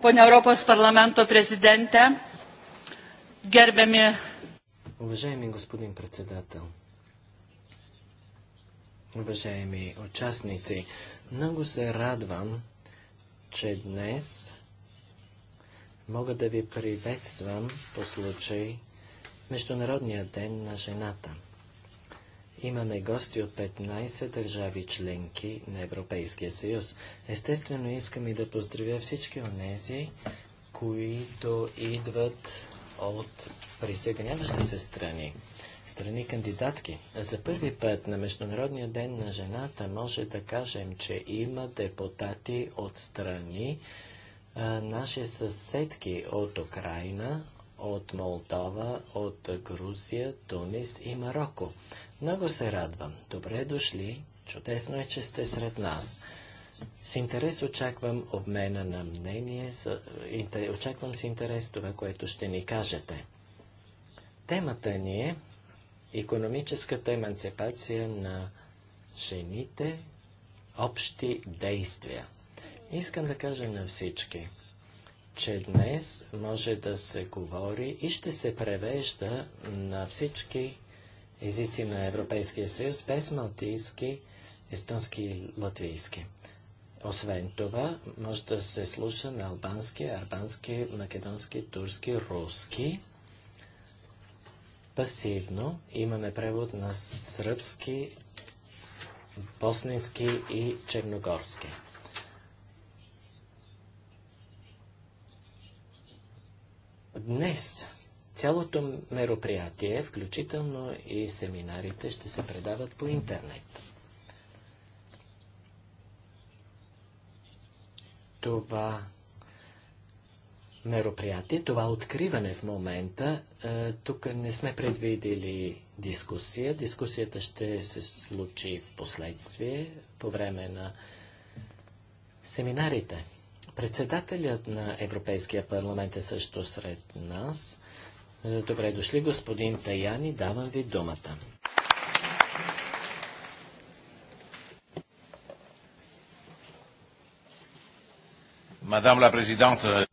Pone Europos parlamento prezidente, gerbiami. Уважаеми господин председател, уважаеми участници, много се радвам, че днес мога да ви приветствам по случай Международния ден на жената – Имаме гости от 15 държави членки на Европейския съюз. Естествено искам и да поздравя всички тези, които идват от присъединяващи се страни, страни кандидатки. За първи път на Международния ден на жената може да кажем, че има депутати от страни, наши съседки от Украина, от Молдова, от Грузия, Тунис и Марокко. Много се радвам. Добре дошли. Чудесно е, че сте сред нас. С интерес очаквам обмена на мнение, очаквам с интерес това, което ще ни кажете. Темата ни е економическата еманципация на жените, общи действия. Искам да кажа на всички – че днес може да се говори и ще се превежда на всички езици на Европейския съюз без малтийски, естонски и латвийски. Освен това, може да се слуша на албански, арбански, македонски, турски, руски. Пасивно имаме превод на сръбски, боснински и черногорски. Днес цялото мероприятие, включително и семинарите, ще се предават по интернет. Това мероприятие, това откриване в момента. Е, тук не сме предвидели дискусия. Дискусията ще се случи в последствие, по време на семинарите. Председателят на Европейския парламент е също сред нас. Добре дошли, господин Таяни. Давам ви думата. Мадам ла президента.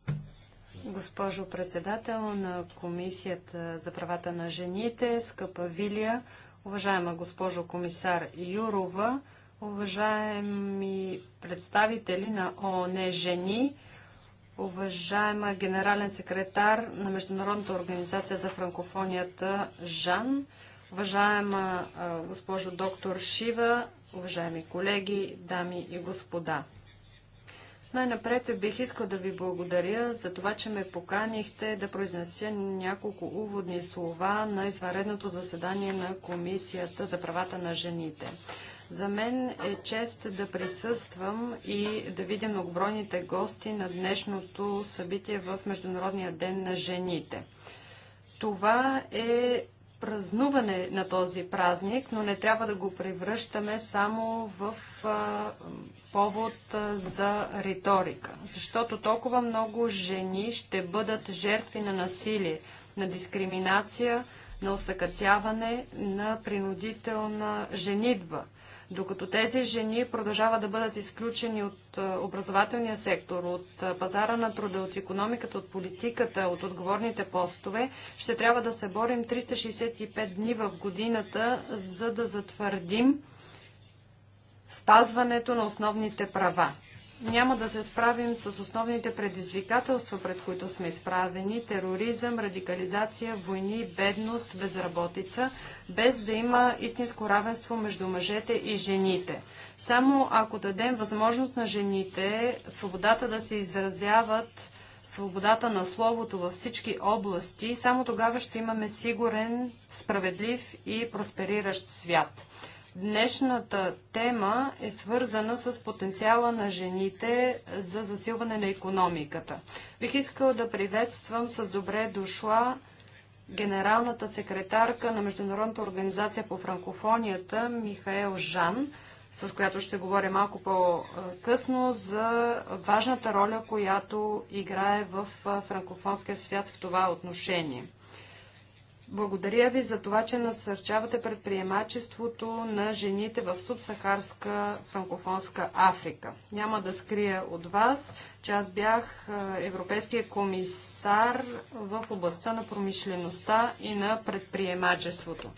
Госпожо председател на Комисията за правата на жените, скъпа Вилия, уважаема госпожо комисар Юрова, уважаеми представители на ООН Жени, уважаема генерален секретар на Международната организация за франкофонията Жан, уважаема госпожо доктор Шива, уважаеми колеги, дами и господа. Най-напред бих искал да ви благодаря за това, че ме поканихте да произнеся няколко уводни слова на извънредното заседание на Комисията за правата на жените. За мен е чест да присъствам и да видя многобройните гости на днешното събитие в Международния ден на жените. Това е празнуване на този празник, но не трябва да го превръщаме само в а, повод а, за риторика. Защото толкова много жени ще бъдат жертви на насилие, на дискриминация, на осъкътяване, на принудителна женитба – докато тези жени продължават да бъдат изключени от е, образователния сектор, от е, пазара на труда, от економиката, от политиката, от отговорните постове, ще трябва да се борим 365 дни в годината, за да затвърдим спазването на основните права няма да се справим с основните предизвикателства, пред които сме изправени – тероризъм, радикализация, войни, бедност, безработица, без да има истинско равенство между мъжете и жените. Само ако дадем възможност на жените свободата да се изразяват, свободата на словото във всички области, само тогава ще имаме сигурен, справедлив и проспериращ свят. Днешната тема е свързана с потенциала на жените за засилване на економиката. Бих искала да приветствам с добре дошла генералната секретарка на Международната организация по франкофонията Михаел Жан, с която ще говоря малко по-късно за важната роля, която играе в франкофонския свят в това отношение. Благодаря ви за това, че насърчавате предприемачеството на жените в субсахарска франкофонска Африка. Няма да скрия от вас, че аз бях европейския комисар в областта на промишлеността и на предприемачеството.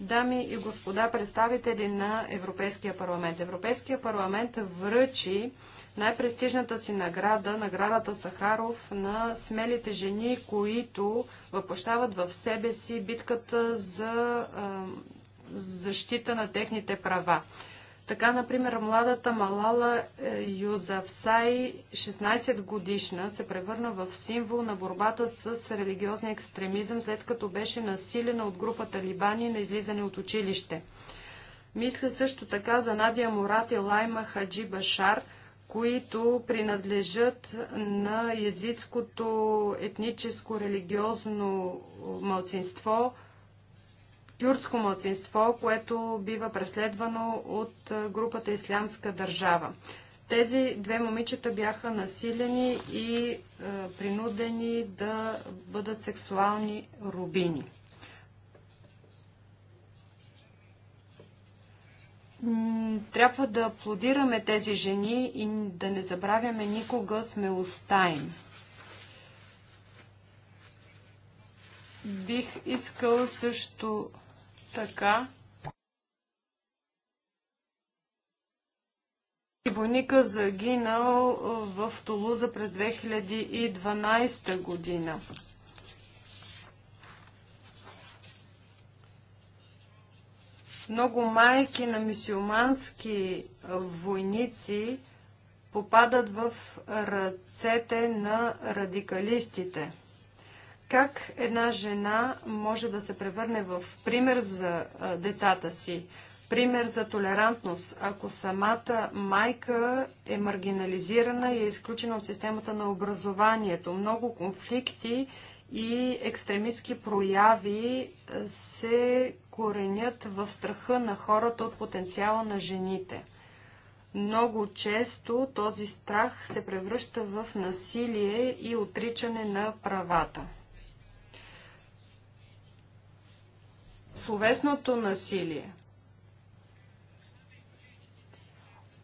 Дами и господа представители на Европейския парламент. Европейския парламент връчи най-престижната си награда, наградата Сахаров, на смелите жени, които въплащават в себе си битката за а, защита на техните права. Така, например, младата Малала е, Юзавсай, 16 годишна, се превърна в символ на борбата с религиозния екстремизъм, след като беше насилена от група талибани на излизане от училище. Мисля също така за Надия Мурат и Лайма Хаджи Башар – които принадлежат на езическото, етническо, религиозно мълцинство, кюрдско мълцинство, което бива преследвано от групата Ислямска държава. Тези две момичета бяха насилени и е, принудени да бъдат сексуални рубини. трябва да аплодираме тези жени и да не забравяме никога смелостта им. Бих искал също така Ивоника загинал в Тулуза през 2012 година. Много майки на мисиомански войници попадат в ръцете на радикалистите. Как една жена може да се превърне в пример за децата си? пример за толерантност, ако самата майка е маргинализирана и е изключена от системата на образованието. Много конфликти и екстремистски прояви се коренят в страха на хората от потенциала на жените. Много често този страх се превръща в насилие и отричане на правата. Словесното насилие,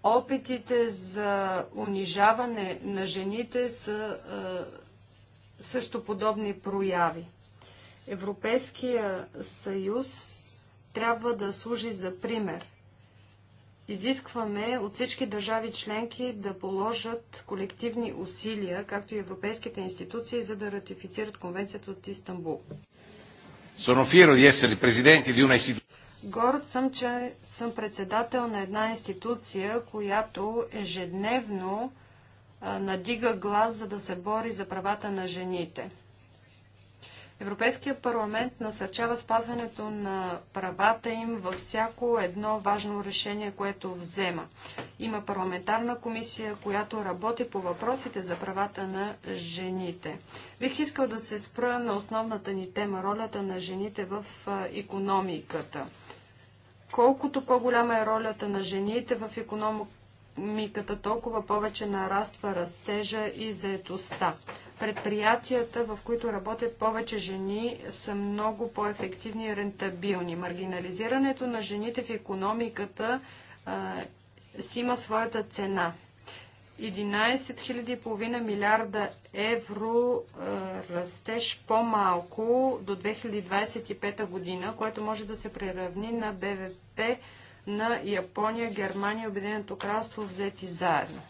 опитите за унижаване на жените са е, също подобни прояви. Европейския съюз трябва да служи за пример. Изискваме от всички държави членки да положат колективни усилия, както и европейските институции, за да ратифицират конвенцията от Истанбул. Sono fiero di essere presidente di una istituzione. Горд съм, че съм председател на една институция, която ежедневно надига глас, за да се бори за правата на жените. Европейския парламент насърчава спазването на правата им във всяко едно важно решение, което взема. Има парламентарна комисия, която работи по въпросите за правата на жените. Бих искал да се спра на основната ни тема – ролята на жените в економиката. Колкото по-голяма е ролята на жените в економиката, економиката, толкова повече нараства растежа и заетостта. Предприятията, в които работят повече жени, са много по-ефективни и рентабилни. Маргинализирането на жените в економиката а, си има своята цена. 11,5 милиарда евро а, растеж по-малко до 2025 година, което може да се приравни на БВП на Япония, Германия и Обединеното кралство взети заедно.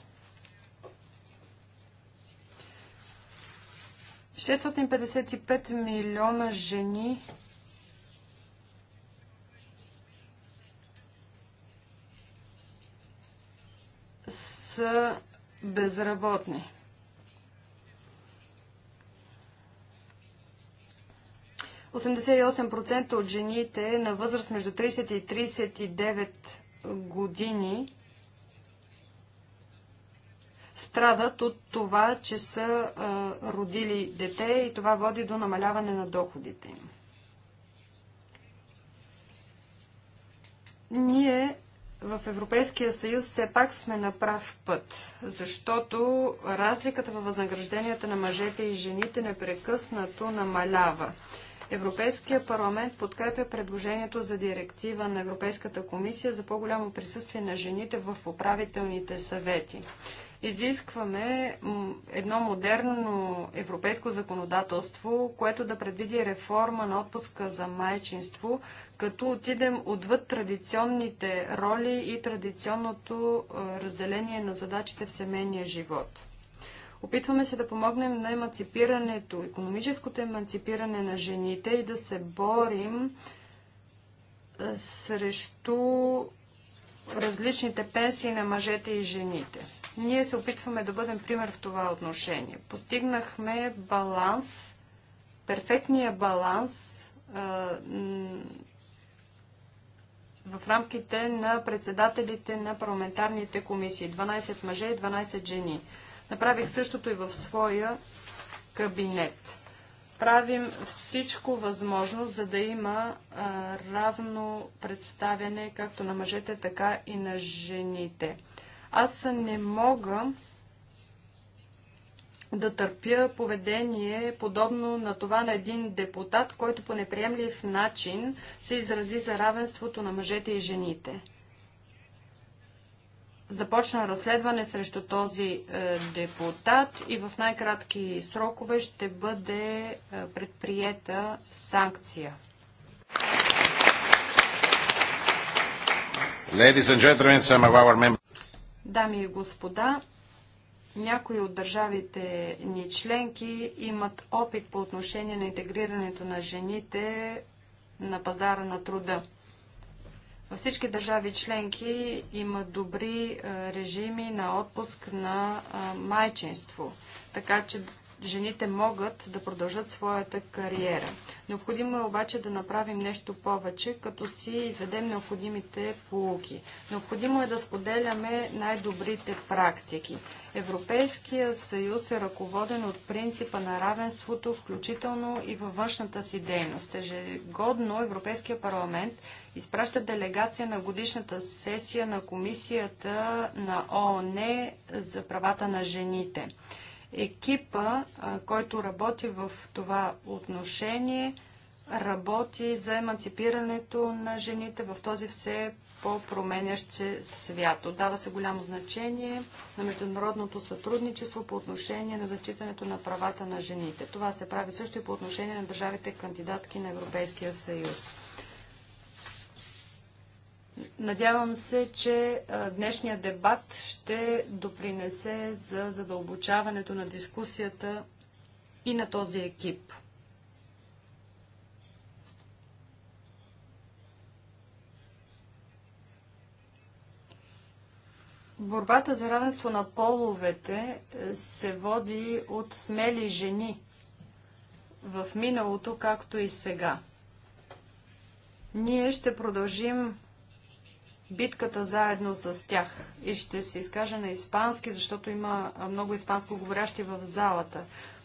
655 милиона жени са безработни. 88% от жените на възраст между 30 и 39 години страдат от това, че са родили дете и това води до намаляване на доходите им. Ние в Европейския съюз все пак сме на прав път, защото разликата във възнагражденията на мъжете и жените непрекъснато намалява. Европейския парламент подкрепя предложението за директива на Европейската комисия за по-голямо присъствие на жените в управителните съвети. Изискваме едно модерно европейско законодателство, което да предвиди реформа на отпуска за майчинство, като отидем отвъд традиционните роли и традиционното разделение на задачите в семейния живот. Опитваме се да помогнем на емансипирането, економическото емансипиране на жените и да се борим срещу различните пенсии на мъжете и жените. Ние се опитваме да бъдем пример в това отношение. Постигнахме баланс, перфектния баланс в рамките на председателите на парламентарните комисии. 12 мъже и 12 жени. Направих същото и в своя кабинет. Правим всичко възможно, за да има а, равно представяне както на мъжете, така и на жените. Аз не мога да търпя поведение, подобно на това на един депутат, който по неприемлив начин се изрази за равенството на мъжете и жените започна разследване срещу този е, депутат и в най-кратки срокове ще бъде е, предприета санкция. Дами и господа, някои от държавите ни членки имат опит по отношение на интегрирането на жените на пазара на труда. Във всички държави членки има добри режими на отпуск на майчинство, така че жените могат да продължат своята кариера. Необходимо е обаче да направим нещо повече, като си изведем необходимите полуки. Необходимо е да споделяме най-добрите практики. Европейския съюз е ръководен от принципа на равенството, включително и във външната си дейност. Ежегодно Европейския парламент изпраща делегация на годишната сесия на Комисията на ООН за правата на жените. Екипа, който работи в това отношение, работи за емансипирането на жените в този все по-променящ се свят. Отдава се голямо значение на международното сътрудничество по отношение на зачитането на правата на жените. Това се прави също и по отношение на държавите кандидатки на Европейския съюз. Надявам се, че днешният дебат ще допринесе за задълбочаването на дискусията и на този екип. Борбата за равенство на половете е, се води от смели жени в миналото, както и сега. Ние ще продължим битката заедно с тях. И ще се изкажа на испански, защото има много испанско говорящи в залата.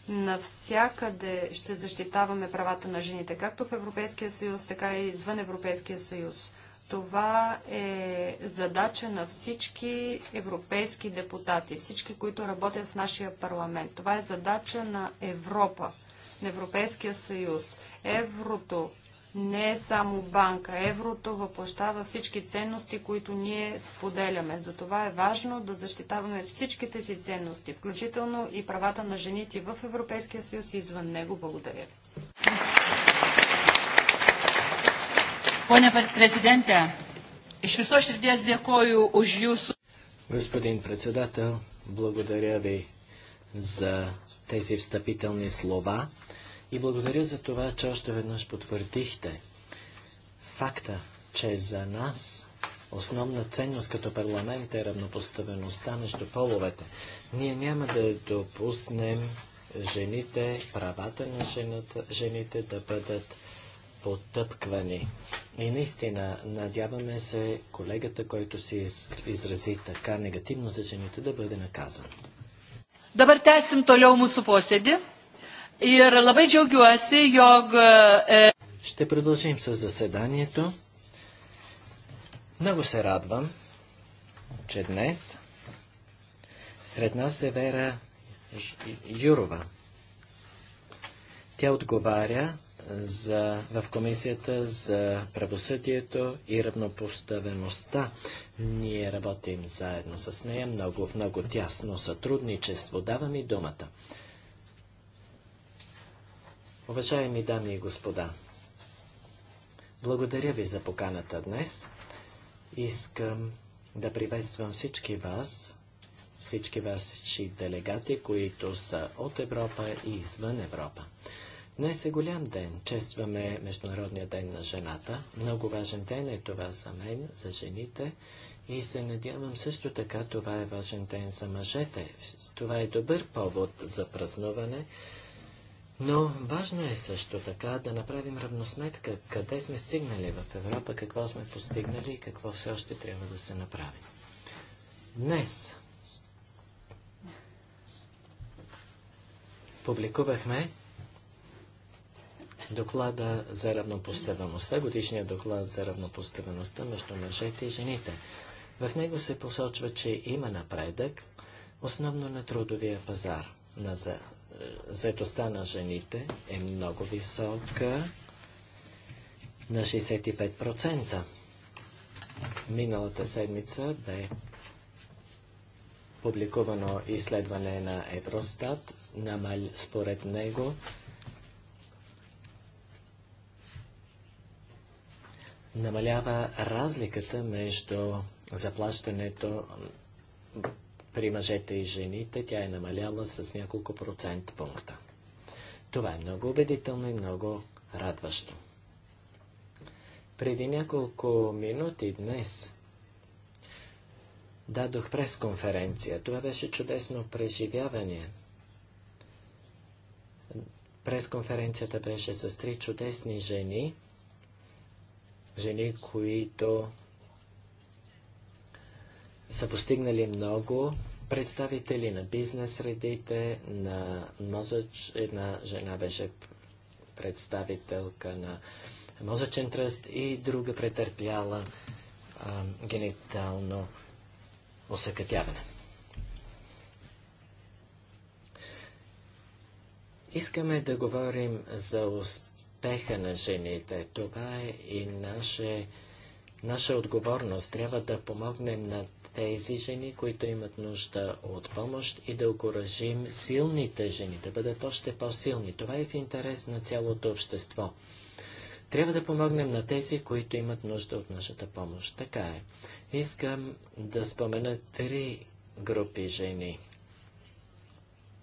Навсякъде ще защитаваме правата на жените, както в Европейския съюз, така и извън Европейския съюз. Това е задача на всички европейски депутати, всички, които работят в нашия парламент. Това е задача на Европа, на Европейския съюз. Еврото не е само банка. Еврото въплащава всички ценности, които ние споделяме. Затова е важно да защитаваме всичките си ценности, включително и правата на жените в Европейския съюз и извън него. Благодаря ви. iš širdies dėkoju už jūsų. Господин председател, благодаря ви за тези встъпителни слова и благодаря за това, че още веднъж потвърдихте факта, че за нас основна ценност като парламент е равнопоставеността между половете. Ние няма да допуснем жените, правата на жената, жените да бъдат потъпквани. И наистина, надяваме се колегата, който си изрази така негативно за жените, да бъде наказан. Добър tęsim съм mūsų му Ir labai džiaugiuosi, jog. E, Ще продължим с заседанието. Много се радвам, че днес сред нас е Вера Юрова. Тя отговаря за, в Комисията за правосъдието и равнопоставеността. Ние работим заедно с нея много, в много тясно сътрудничество. Давам и думата. Уважаеми дами и господа, благодаря ви за поканата днес. Искам да приветствам всички вас, всички ваши делегати, които са от Европа и извън Европа. Днес е голям ден. Честваме Международния ден на жената. Много важен ден е това за мен, за жените и се надявам също така това е важен ден за мъжете. Това е добър повод за празнуване но важно е също така да направим равносметка къде сме стигнали в Европа, какво сме постигнали и какво все още трябва да се направи. Днес публикувахме доклада за равнопоставеността, годишния доклад за равнопоставеността между мъжете и жените. В него се посочва, че има напредък, основно на трудовия пазар, на, за, заедостта на жените е много висока на 65%. Миналата седмица бе публикувано изследване на Евростат, намал според него намалява разликата между заплащането при мъжете и жените тя е намаляла с няколко процент пункта. Това е много убедително и много радващо. Преди няколко минути днес дадох пресконференция. Това беше чудесно преживяване. Пресконференцията беше с три чудесни жени, жени, които са постигнали много представители на бизнес средите, на мозъч, една жена беше представителка на мозъчен тръст и друга претърпяла а, генитално осъкътяване. Искаме да говорим за успеха на жените. Това е и наше, наша отговорност. Трябва да помогнем на тези жени, които имат нужда от помощ и да окоръжим силните жени, да бъдат още по-силни. Това е в интерес на цялото общество. Трябва да помогнем на тези, които имат нужда от нашата помощ. Така е. Искам да спомена три групи жени.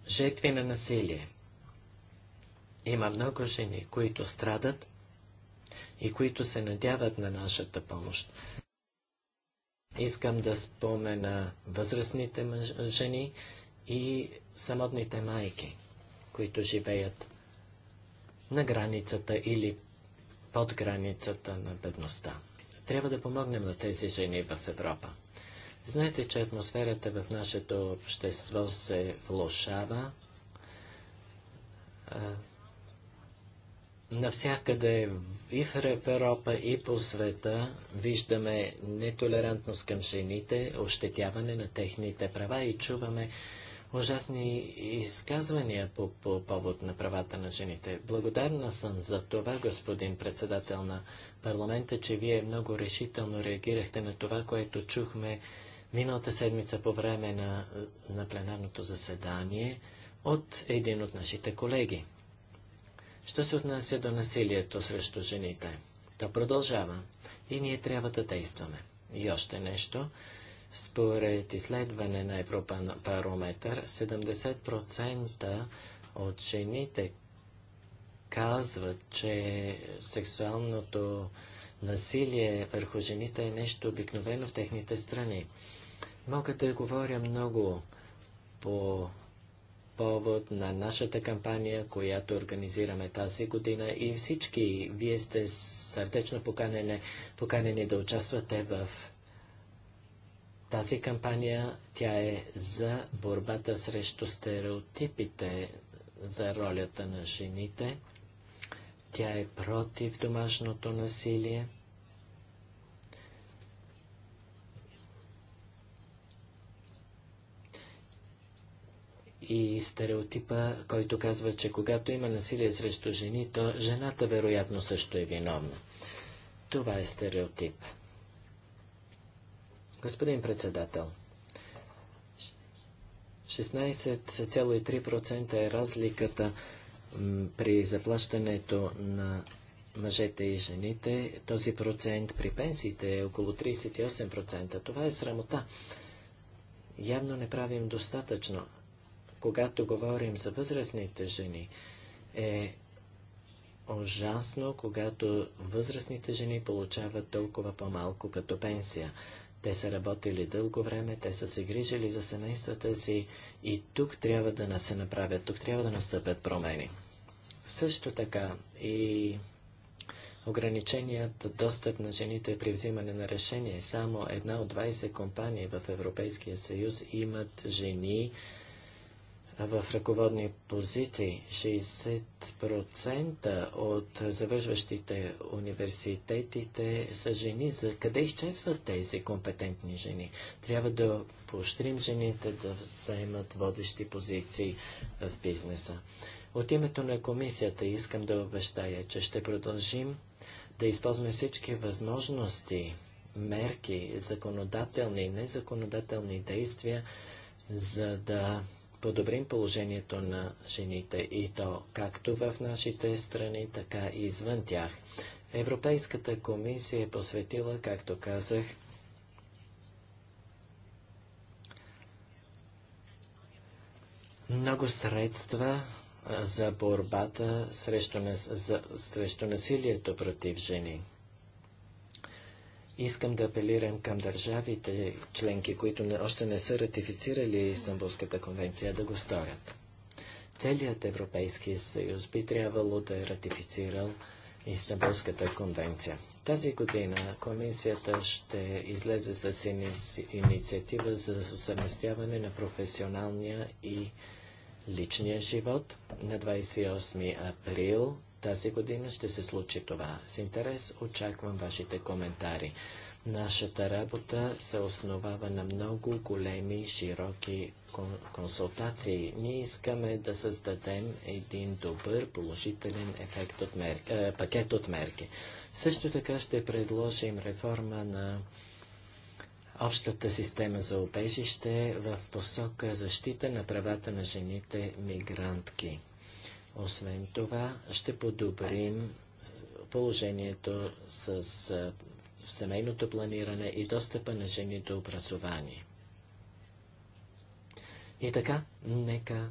Жертви на насилие. Има много жени, които страдат и които се надяват на нашата помощ. Искам да спомена възрастните мъж, жени и самотните майки, които живеят на границата или под границата на бедността. Трябва да помогнем на тези жени в Европа. Знаете, че атмосферата в нашето общество се влошава. Навсякъде и в Европа, и по света виждаме нетолерантност към жените, ощетяване на техните права и чуваме ужасни изказвания по, по повод на правата на жените. Благодарна съм за това, господин председател на парламента, че вие много решително реагирахте на това, което чухме миналата седмица по време на, на пленарното заседание от един от нашите колеги. Що се отнася до насилието срещу жените? То продължава и ние трябва да действаме. И още нещо. Според изследване на Европа Парометър, 70% от жените казват, че сексуалното насилие върху жените е нещо обикновено в техните страни. Мога да говоря много по повод на нашата кампания, която организираме тази година и всички вие сте сърдечно поканени, поканени да участвате в тази кампания. Тя е за борбата срещу стереотипите за ролята на жените. Тя е против домашното насилие. и стереотипа, който казва, че когато има насилие срещу жени, то жената вероятно също е виновна. Това е стереотип. Господин председател, 16,3% е разликата при заплащането на мъжете и жените. Този процент при пенсиите е около 38%. Това е срамота. Явно не правим достатъчно когато говорим за възрастните жени, е ужасно, когато възрастните жени получават толкова по-малко като пенсия. Те са работили дълго време, те са се грижили за семействата си и тук трябва да не се направят, тук трябва да настъпят промени. Също така и ограниченият достъп на жените при взимане на решение. Само една от 20 компании в Европейския съюз имат жени в ръководни позиции. 60% от завършващите университетите са жени. За къде изчезват тези компетентни жени? Трябва да поощрим жените да вземат водещи позиции в бизнеса. От името на комисията искам да обещая, че ще продължим да използваме всички възможности, мерки, законодателни и незаконодателни действия, за да подобрим положението на жените и то както в нашите страни, така и извън тях. Европейската комисия е посветила, както казах, много средства за борбата срещу, за... срещу насилието против жени. Искам да апелирам към държавите членки, които не, още не са ратифицирали Истанбулската конвенция, да го сторят. Целият Европейски съюз би трябвало да е ратифицирал Истанбулската конвенция. Тази година комисията ще излезе с инициатива за съвместяване на професионалния и личния живот. На 28 април тази година ще се случи това. С интерес очаквам вашите коментари. Нашата работа се основава на много големи, широки консултации. Ние искаме да създадем един добър, положителен ефект от мер... Е, пакет от мерки. Също така ще предложим реформа на общата система за обежище в посока защита на правата на жените мигрантки. Освен това, ще подобрим положението с, семейното планиране и достъпа на жени до образование. И така, нека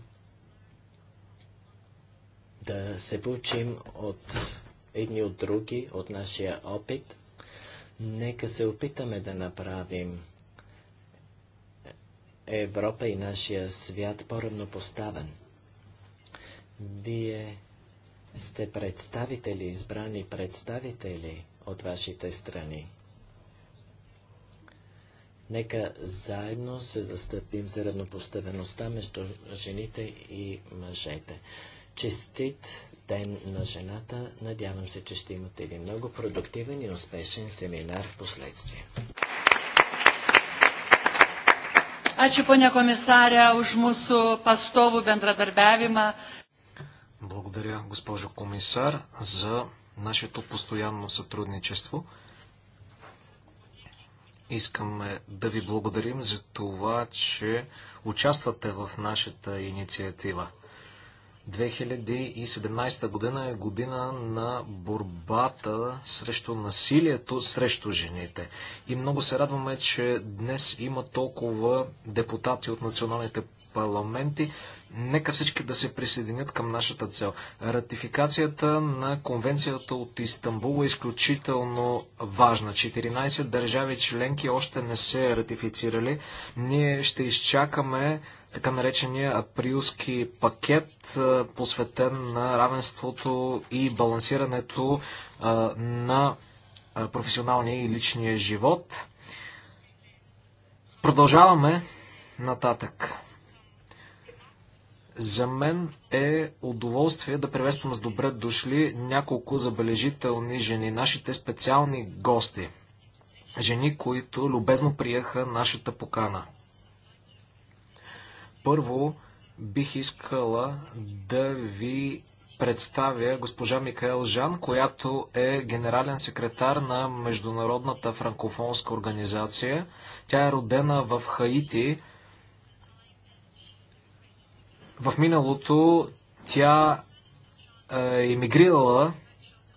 да се получим от едни от други, от нашия опит. Нека се опитаме да направим Европа и нашия свят по-равнопоставен. Вие сте представители, избрани представители от вашите страни. Нека заедно се застъпим за равнопоставеността между жените и мъжете. Честит ден на жената. Надявам се, че ще имате един много продуктивен и успешен семинар в последствие. Ačiū, ponia komisarė, už mūsų pastovų bendradarbiavimą. Благодаря, госпожо комисар, за нашето постоянно сътрудничество. Искаме да ви благодарим за това, че участвате в нашата инициатива. 2017 година е година на борбата срещу насилието срещу жените. И много се радваме, че днес има толкова депутати от националните парламенти, Нека всички да се присъединят към нашата цел. Ратификацията на конвенцията от Истанбул е изключително важна. 14 държави членки още не се ратифицирали. Ние ще изчакаме така наречения априлски пакет, посветен на равенството и балансирането на професионалния и личния живот. Продължаваме нататък. За мен е удоволствие да приветствам с добре дошли няколко забележителни жени, нашите специални гости. Жени, които любезно приеха нашата покана. Първо, бих искала да ви представя госпожа Микаел Жан, която е генерален секретар на Международната франкофонска организация. Тя е родена в Хаити, в миналото тя е емигрирала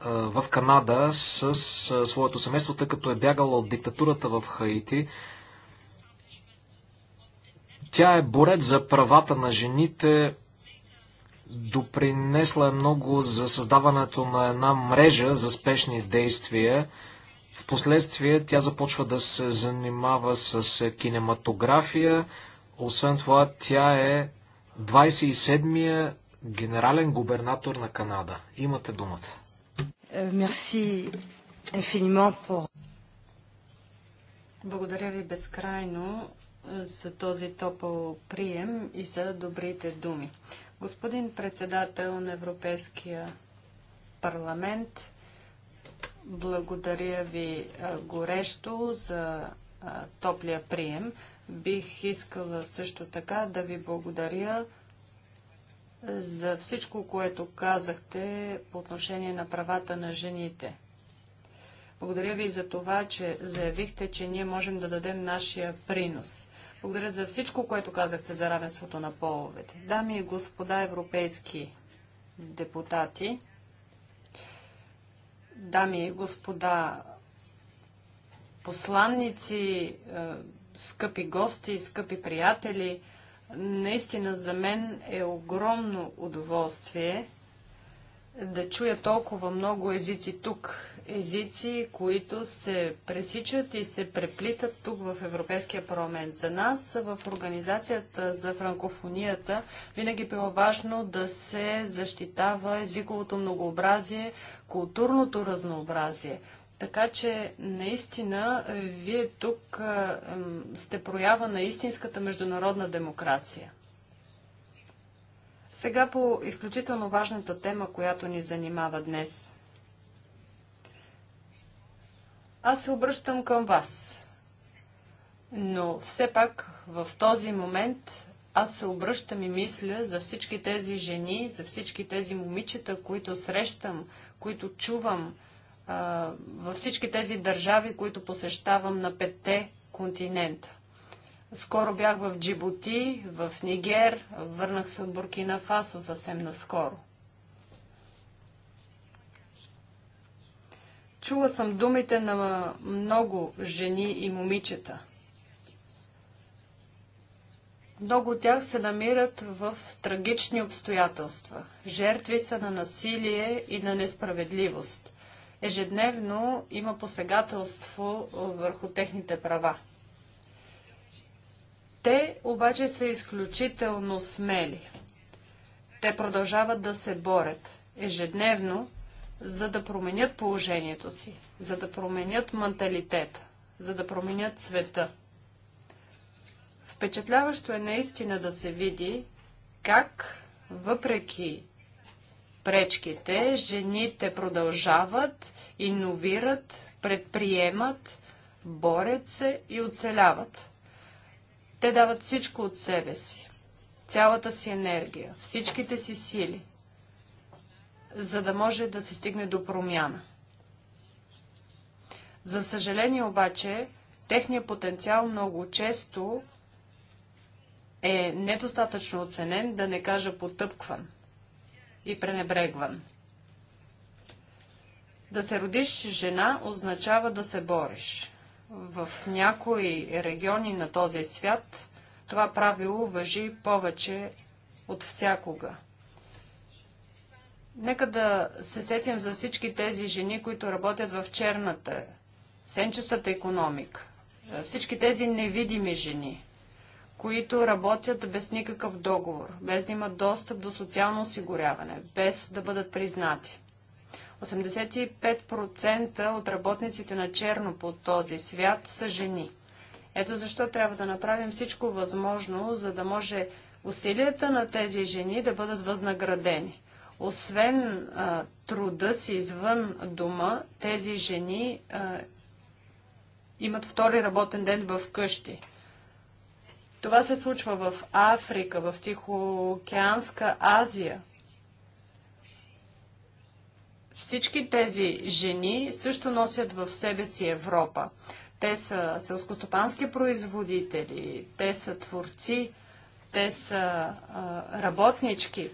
е, в Канада с е, своето семейство, тъй като е бягала от диктатурата в Хаити. Тя е борец за правата на жените, допринесла е много за създаването на една мрежа за спешни действия. Впоследствие тя започва да се занимава с е, кинематография. Освен това, тя е 27-я генерален губернатор на Канада. Имате думата. Е, мерси инфинимент Благодаря ви безкрайно за този топъл прием и за добрите думи. Господин председател на Европейския парламент, благодаря ви горещо за топлия прием. Бих искала също така да ви благодаря за всичко, което казахте по отношение на правата на жените. Благодаря ви за това, че заявихте, че ние можем да дадем нашия принос. Благодаря за всичко, което казахте за равенството на половете. Дами и господа европейски депутати, дами и господа посланници, е, скъпи гости, скъпи приятели. Наистина за мен е огромно удоволствие да чуя толкова много езици тук. Езици, които се пресичат и се преплитат тук в Европейския парламент. За нас в Организацията за франкофонията винаги е било важно да се защитава езиковото многообразие, културното разнообразие – така че наистина вие тук сте проява на истинската международна демокрация. Сега по изключително важната тема, която ни занимава днес. Аз се обръщам към вас. Но все пак в този момент аз се обръщам и мисля за всички тези жени, за всички тези момичета, които срещам, които чувам, във всички тези държави, които посещавам на петте континента. Скоро бях в Джибути, в Нигер, върнах се от Буркина Фасо съвсем наскоро. Чула съм думите на много жени и момичета. Много от тях се намират в трагични обстоятелства. Жертви са на насилие и на несправедливост ежедневно има посегателство върху техните права. Те обаче са изключително смели. Те продължават да се борят ежедневно, за да променят положението си, за да променят менталитета, за да променят света. Впечатляващо е наистина да се види как, въпреки пречките. Жените продължават, иновират, предприемат, борят се и оцеляват. Те дават всичко от себе си, цялата си енергия, всичките си сили, за да може да се стигне до промяна. За съжаление обаче, техният потенциал много често е недостатъчно оценен, да не кажа потъпкван и пренебрегван. Да се родиш жена означава да се бориш. В някои региони на този свят това правило въжи повече от всякога. Нека да се сетим за всички тези жени, които работят в черната, сенчестата економика, всички тези невидими жени, които работят без никакъв договор, без да имат достъп до социално осигуряване, без да бъдат признати. 85% от работниците на черно по този свят са жени. Ето защо трябва да направим всичко възможно, за да може усилията на тези жени да бъдат възнаградени. Освен а, труда си извън дома, тези жени а, имат втори работен ден в къщи. Това се случва в Африка, в Тихоокеанска Азия. Всички тези жени също носят в себе си Европа. Те са селскостопански производители, те са творци, те са а, работнички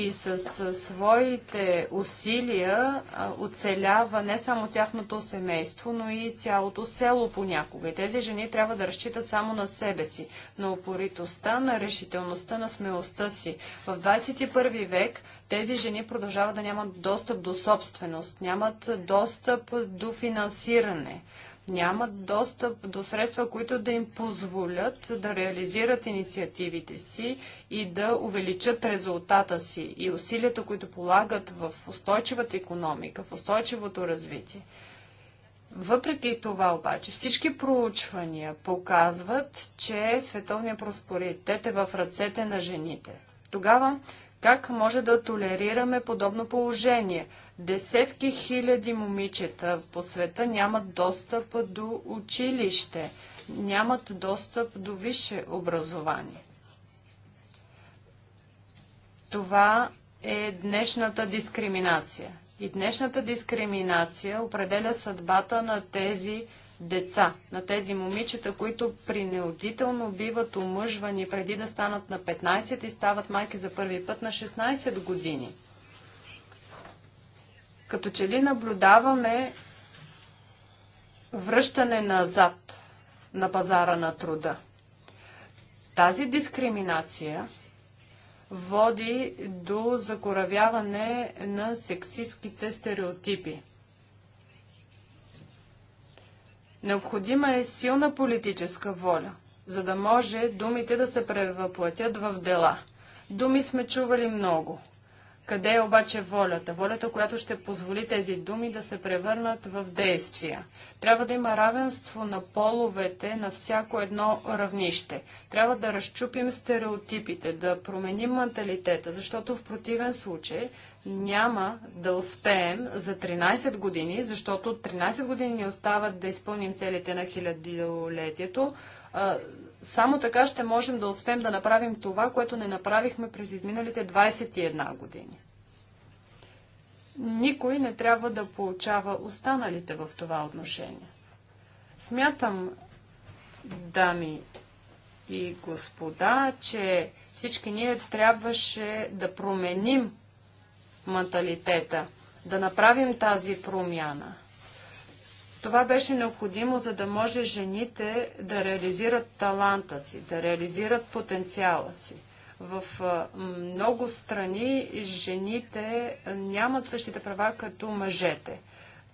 и с, своите усилия оцелява не само тяхното семейство, но и цялото село понякога. И тези жени трябва да разчитат само на себе си, на опоритостта, на решителността, на смелостта си. В 21 век тези жени продължават да нямат достъп до собственост, нямат достъп до финансиране нямат достъп до средства, които да им позволят да реализират инициативите си и да увеличат резултата си и усилията, които полагат в устойчивата економика, в устойчивото развитие. Въпреки това обаче всички проучвания показват, че световният проспоритет е в ръцете на жените. Тогава как може да толерираме подобно положение? Десетки хиляди момичета по света нямат достъп до училище, нямат достъп до висше образование. Това е днешната дискриминация. И днешната дискриминация определя съдбата на тези деца, на тези момичета, които принудително биват омъжвани преди да станат на 15 и стават майки за първи път на 16 години. Като че ли наблюдаваме връщане назад на пазара на труда. Тази дискриминация води до закоравяване на сексистските стереотипи. Необходима е силна политическа воля, за да може думите да се превъплатят в дела. Думи сме чували много. Къде е обаче волята? Волята, която ще позволи тези думи да се превърнат в действия. Трябва да има равенство на половете на всяко едно равнище. Трябва да разчупим стереотипите, да променим менталитета, защото в противен случай няма да успеем за 13 години, защото 13 години ни остават да изпълним целите на хилядолетието, само така ще можем да успеем да направим това, което не направихме през изминалите 21 години. Никой не трябва да получава останалите в това отношение. Смятам, дами и господа, че всички ние трябваше да променим менталитета, да направим тази промяна – това беше необходимо, за да може жените да реализират таланта си, да реализират потенциала си. В много страни жените нямат същите права като мъжете.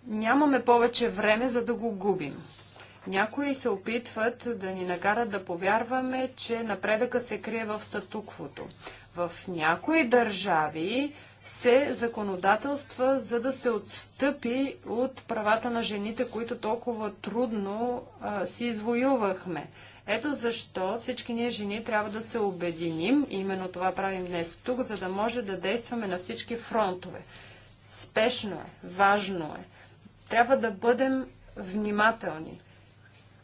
Нямаме повече време, за да го губим. Някои се опитват да ни накарат да повярваме, че напредъка се крие в статуквото. В някои държави се законодателства, за да се отстъпи от правата на жените, които толкова трудно а, си извоювахме. Ето защо всички ние жени трябва да се обединим, именно това правим днес тук, за да може да действаме на всички фронтове. Спешно е, важно е. Трябва да бъдем внимателни,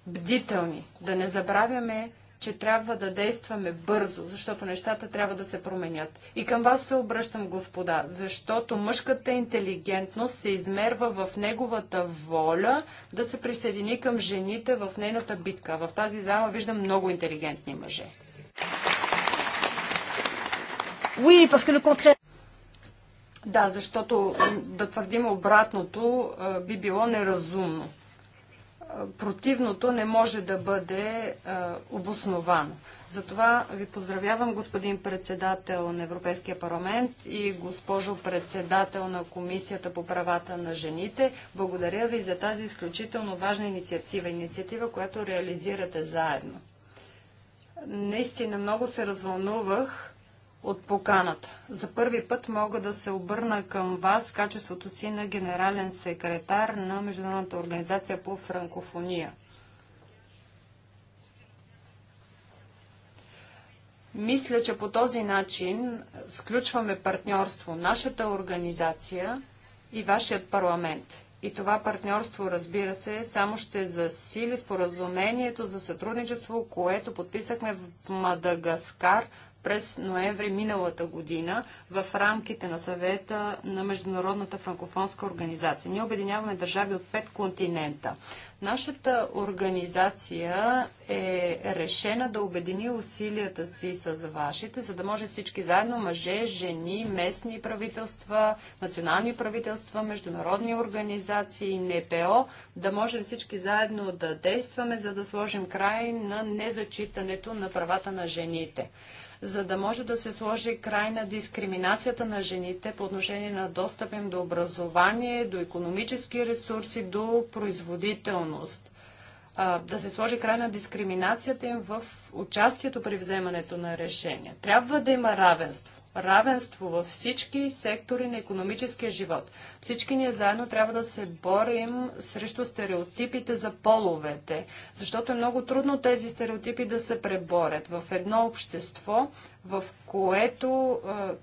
бдителни, да не забравяме че трябва да действаме бързо, защото нещата трябва да се променят. И към вас се обръщам, господа, защото мъжката интелигентност се измерва в неговата воля да се присъедини към жените в нейната битка. В тази зала виждам много интелигентни мъже. Oui, parce que le contraire... Да, защото да твърдим обратното би било неразумно противното не може да бъде а, е, обосновано. Затова ви поздравявам, господин председател на Европейския парламент и госпожо председател на Комисията по правата на жените. Благодаря ви за тази изключително важна инициатива, инициатива, която реализирате заедно. Наистина много се развълнувах от поканата. За първи път мога да се обърна към вас в качеството си на генерален секретар на Международната организация по франкофония. Мисля, че по този начин сключваме партньорство нашата организация и вашият парламент. И това партньорство, разбира се, само ще засили споразумението за сътрудничество, което подписахме в Мадагаскар през ноември миналата година в рамките на съвета на Международната франкофонска организация. Ние обединяваме държави от пет континента. Нашата организация е решена да обедини усилията си с вашите, за да може всички заедно, мъже, жени, местни правителства, национални правителства, международни организации, НПО, да можем всички заедно да действаме, за да сложим край на незачитането на правата на жените за да може да се сложи край на дискриминацията на жените по отношение на достъп им до образование, до економически ресурси, до производителност равнопоставеност, а, да се сложи край на дискриминацията им в участието при вземането на решения. Трябва да има равенство равенство във всички сектори на економическия живот. Всички ние заедно трябва да се борим срещу стереотипите за половете, защото е много трудно тези стереотипи да се преборят в едно общество, в което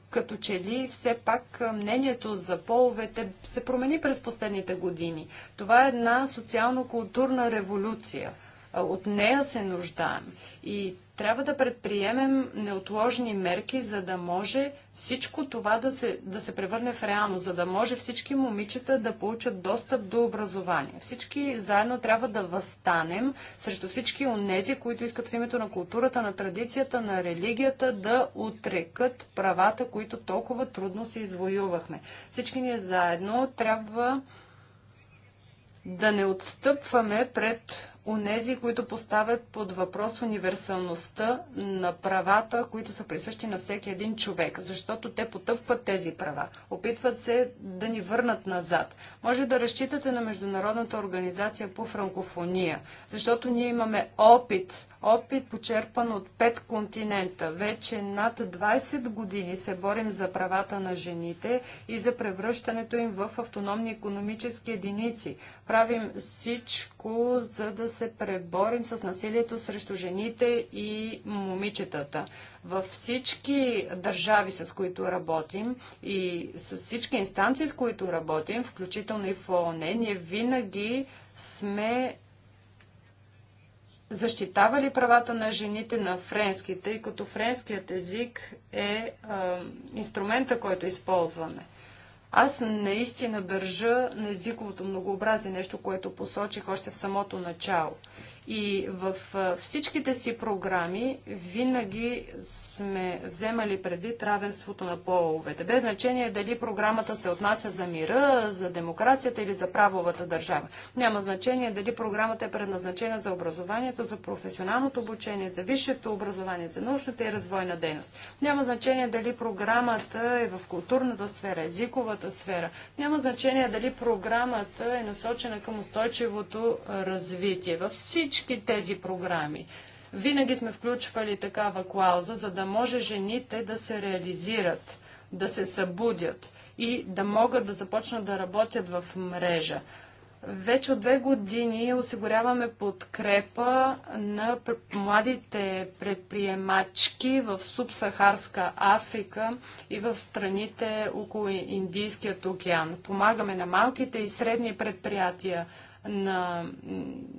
като че ли все пак мнението за половете се промени през последните години. Това е една социално-културна революция – от нея се нуждаем. И трябва да предприемем неотложни мерки, за да може всичко това да се, да се превърне в реално, за да може всички момичета да получат достъп до образование. Всички заедно трябва да възстанем срещу всички онези, които искат в името на културата, на традицията, на религията да отрекат правата, които толкова трудно се извоювахме. Всички ние заедно трябва да не отстъпваме пред онези, които поставят под въпрос универсалността на правата, които са присъщи на всеки един човек, защото те потъпват тези права, опитват се да ни върнат назад. Може да разчитате на Международната организация по франкофония, защото ние имаме опит, опит почерпан от пет континента. Вече над 20 години се борим за правата на жените и за превръщането им в автономни економически единици. Правим всичко, за да се преборим с насилието срещу жените и момичетата. Във всички държави, с които работим и с всички инстанции, с които работим, включително и в ООН, ние винаги сме защитавали правата на жените на френски, тъй като френският език е а, инструмента, който използваме. Аз наистина държа на езиковото многообразие, нещо, което посочих още в самото начало. И в всичките си програми винаги сме вземали преди равенството на половете. Без значение дали програмата се отнася за мира, за демокрацията или за правовата държава. Няма значение дали програмата е предназначена за образованието, за професионалното обучение, за висшето образование, за научната и развойна дейност. Няма значение дали програмата е в културната сфера, езикова социалната сфера. Няма значение дали програмата е насочена към устойчивото развитие. Във всички тези програми винаги сме включвали такава клауза, за да може жените да се реализират, да се събудят и да могат да започнат да работят в мрежа. Вече от две години осигуряваме подкрепа на младите предприемачки в Субсахарска Африка и в страните около Индийският океан. Помагаме на малките и средни предприятия, на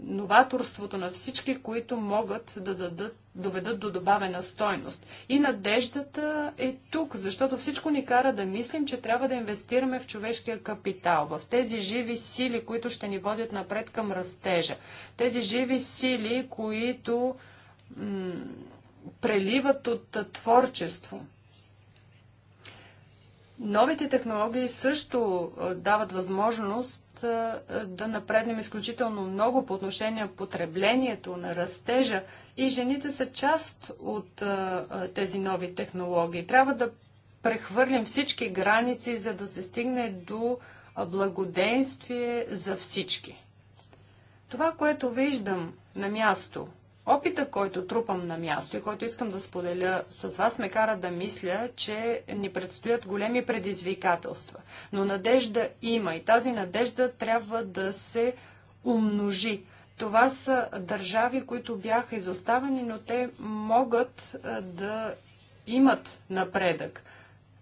новаторството на всички, които могат да дадат, доведат до добавена стойност. И надеждата е тук, защото всичко ни кара да мислим, че трябва да инвестираме в човешкия капитал, в тези живи сили, които ще ни водят напред към растежа. Тези живи сили, които преливат от творчество. Новите технологии също дават възможност да напреднем изключително много по отношение на потреблението, на растежа и жените са част от тези нови технологии. Трябва да прехвърлим всички граници, за да се стигне до благоденствие за всички. Това, което виждам на място Опита, който трупам на място и който искам да споделя с вас, ме кара да мисля, че ни предстоят големи предизвикателства. Но надежда има и тази надежда трябва да се умножи. Това са държави, които бяха изоставени, но те могат да имат напредък.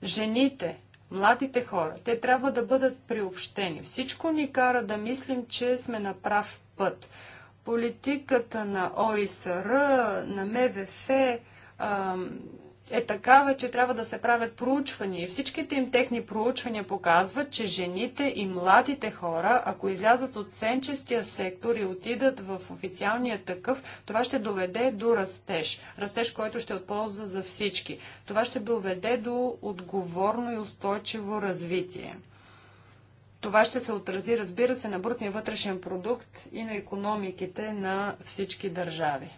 Жените, младите хора, те трябва да бъдат приобщени. Всичко ни кара да мислим, че сме на прав път политиката на ОИСР, на МВФ е такава, че трябва да се правят проучвания. И всичките им техни проучвания показват, че жените и младите хора, ако излязат от сенчестия сектор и отидат в официалния такъв, това ще доведе до растеж. Растеж, който ще отползва е от полза за всички. Това ще доведе до отговорно и устойчиво развитие. Това ще се отрази, разбира се, на брутния вътрешен продукт и на економиките на всички държави.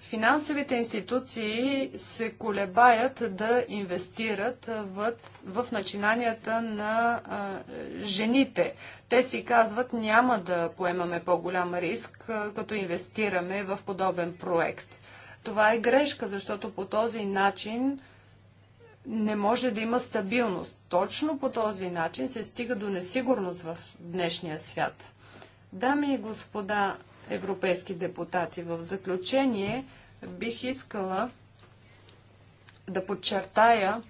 Финансовите институции се колебаят да инвестират в, в начинанията на а, жените. Те си казват, няма да поемаме по-голям риск, а, като инвестираме в подобен проект. Това е грешка, защото по този начин не може да има стабилност. Точно по този начин се стига до несигурност в днешния свят. Дами и господа европейски депутати, в заключение бих искала да подчертая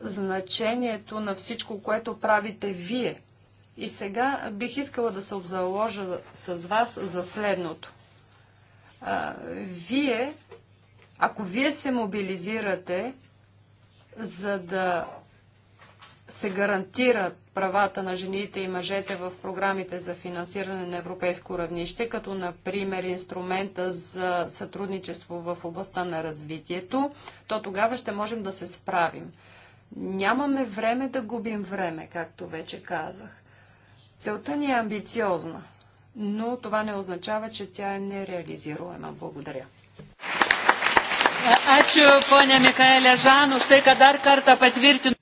значението на всичко, което правите вие. И сега бих искала да се обзаложа с вас за следното. А, вие, ако вие се мобилизирате, за да се гарантират правата на жените и мъжете в програмите за финансиране на европейско равнище, като например инструмента за сътрудничество в областта на развитието, то тогава ще можем да се справим. Нямаме време да губим време, както вече казах. Целта ни е амбициозна, но това не означава, че тя е нереализируема. Благодаря. Ačiū, Mikaelė Žan, už tai, kad dar kartą patvirtinu.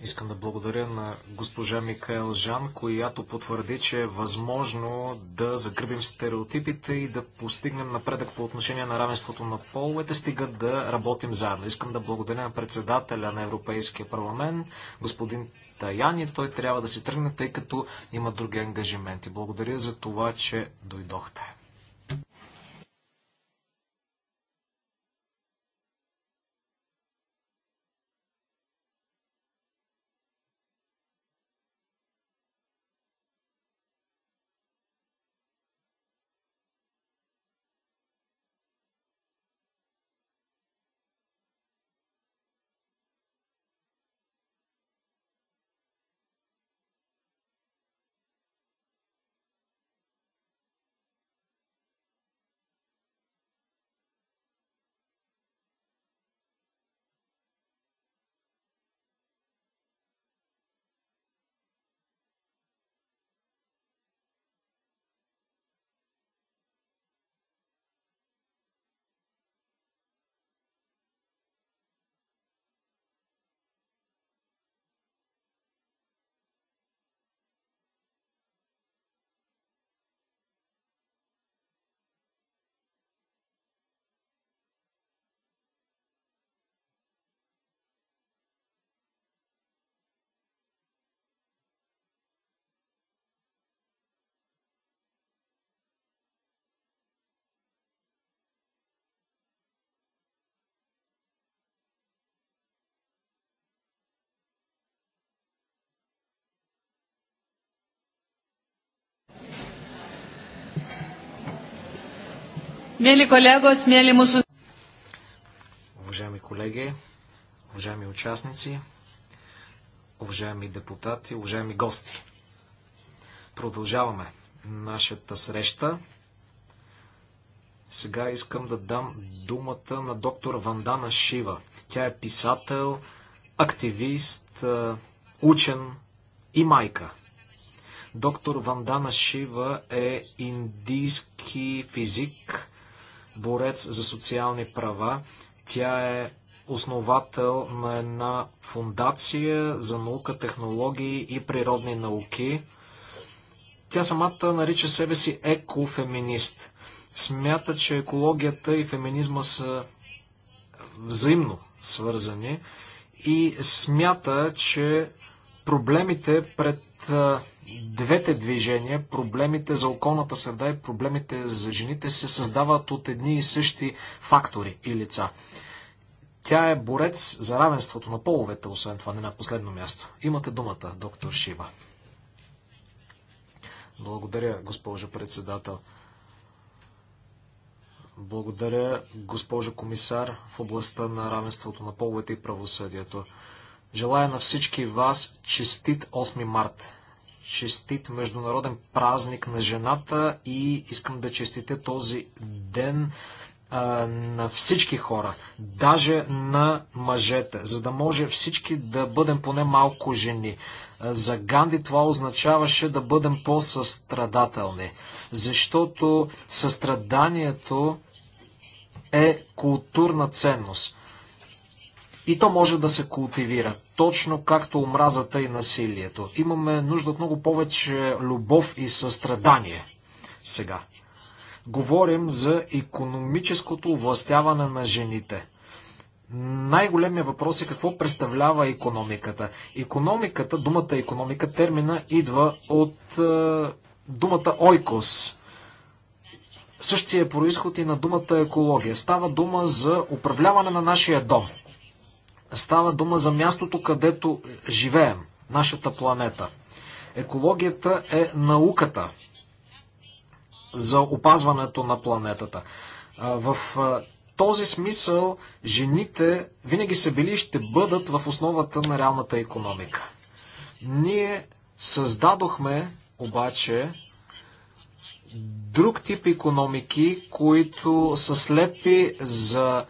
Искам да благодаря на госпожа Микаел Жан, която потвърди, че е възможно да загърбим стереотипите и да постигнем напредък по отношение на равенството на половете, стига да работим заедно. Искам да благодаря на председателя на Европейския парламент, господин Таяни. Той трябва да се тръгне, тъй като има други ангажименти. Благодаря за това, че дойдохте. Мили колегос, мили мусу... Уважаеми колеги, уважаеми участници, уважаеми депутати, уважаеми гости. Продължаваме нашата среща. Сега искам да дам думата на доктор Вандана Шива. Тя е писател, активист, учен и майка. Доктор Вандана Шива е индийски физик, борец за социални права. Тя е основател на една фундация за наука, технологии и природни науки. Тя самата нарича себе си екофеминист. Смята, че екологията и феминизма са взаимно свързани и смята, че проблемите пред двете движения, проблемите за околната среда и проблемите за жените се създават от едни и същи фактори и лица. Тя е борец за равенството на половете, освен това не на последно място. Имате думата, доктор Шива. Благодаря, госпожо председател. Благодаря, госпожо комисар, в областта на равенството на половете и правосъдието. Желая на всички вас честит 8 март честит Международен празник на жената и искам да честите този ден а, на всички хора, даже на мъжете, за да може всички да бъдем поне малко жени. За Ганди това означаваше да бъдем по-състрадателни, защото състраданието е културна ценност. И то може да се култивира, точно както омразата и насилието. Имаме нужда от много повече любов и състрадание сега. Говорим за економическото властяване на жените. Най-големият въпрос е какво представлява економиката. Економиката, думата економика, термина идва от е, думата ойкос. Същия е происход и на думата екология. Става дума за управляване на нашия дом. Става дума за мястото, където живеем, нашата планета. Екологията е науката за опазването на планетата. В този смисъл жените винаги са били и ще бъдат в основата на реалната економика. Ние създадохме обаче друг тип економики, които са слепи за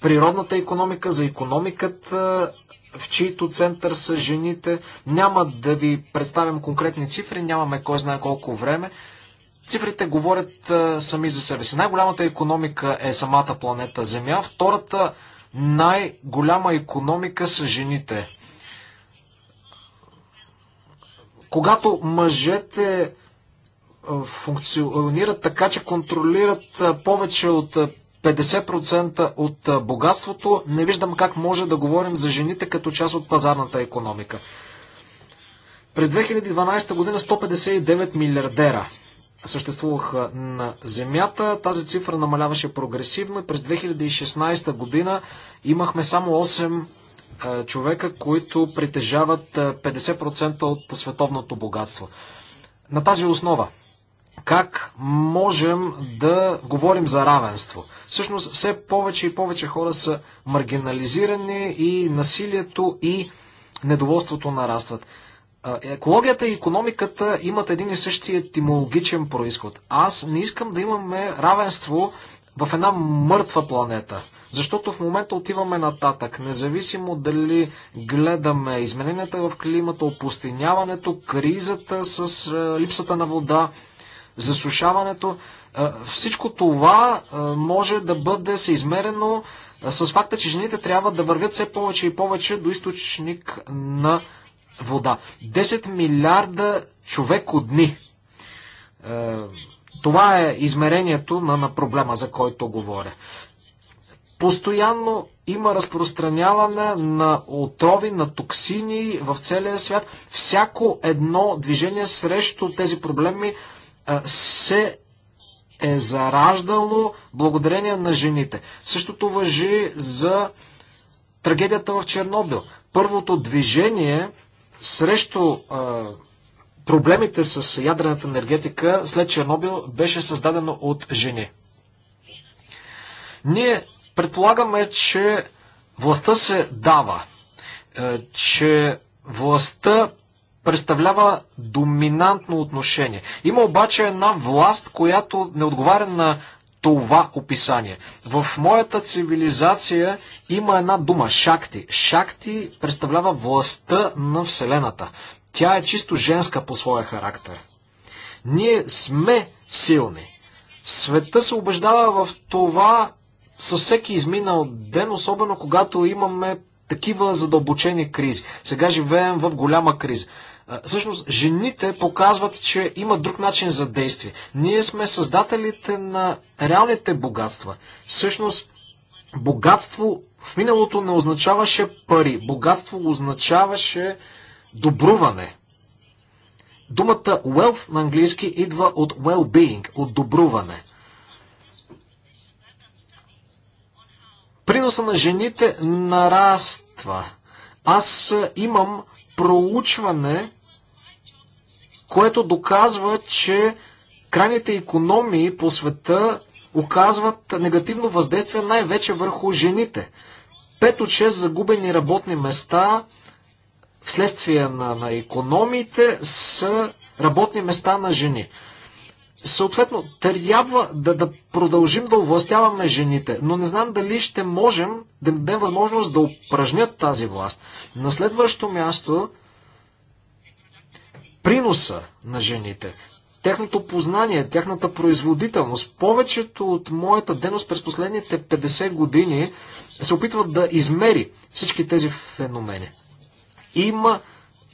природната економика, за економиката, в чието център са жените. Няма да ви представям конкретни цифри, нямаме кой знае колко време. Цифрите говорят а, сами за себе си. Най-голямата економика е самата планета Земя. Втората най-голяма економика са жените. Когато мъжете функционират така, че контролират повече от 50% от богатството, не виждам как може да говорим за жените като част от пазарната економика. През 2012 година 159 милиардера съществуваха на Земята. Тази цифра намаляваше прогресивно и през 2016 година имахме само 8 човека, които притежават 50% от световното богатство. На тази основа как можем да говорим за равенство? Всъщност все повече и повече хора са маргинализирани и насилието и недоволството нарастват. Екологията и економиката имат един и същи етимологичен происход. Аз не искам да имаме равенство в една мъртва планета. Защото в момента отиваме нататък, независимо дали гледаме измененията в климата, опустеняването, кризата с липсата на вода, засушаването. Е, всичко това е, може да бъде съизмерено е, с факта, че жените трябва да вървят все повече и повече до източник на вода. 10 милиарда човек от дни. Това е измерението на, на проблема, за който говоря. Постоянно има разпространяване на отрови, на токсини в целия свят. Всяко едно движение срещу тези проблеми се е зараждало благодарение на жените. Същото въжи за трагедията в Чернобил. Първото движение срещу а, проблемите с ядрената енергетика след Чернобил беше създадено от жени. Ние предполагаме, че властта се дава, че властта представлява доминантно отношение. Има обаче една власт, която не отговаря на това описание. В моята цивилизация има една дума шакти. Шакти представлява властта на Вселената. Тя е чисто женска по своя характер. Ние сме силни. Света се убеждава в това със всеки изминал ден, особено когато имаме такива задълбочени кризи. Сега живеем в голяма криза. Всъщност, жените показват, че има друг начин за действие. Ние сме създателите на реалните богатства. Всъщност, богатство в миналото не означаваше пари. Богатство означаваше добруване. Думата wealth на английски идва от well-being, от добруване. Приноса на жените нараства. Аз имам проучване, което доказва, че крайните економии по света оказват негативно въздействие най-вече върху жените. Пет от 6 загубени работни места вследствие на, на економиите са работни места на жени. Съответно, трябва да, да продължим да овластяваме жените, но не знам дали ще можем да им дадем възможност да упражнят тази власт. На следващо място, приноса на жените, техното познание, тяхната производителност. Повечето от моята дейност през последните 50 години се опитват да измери всички тези феномени. Има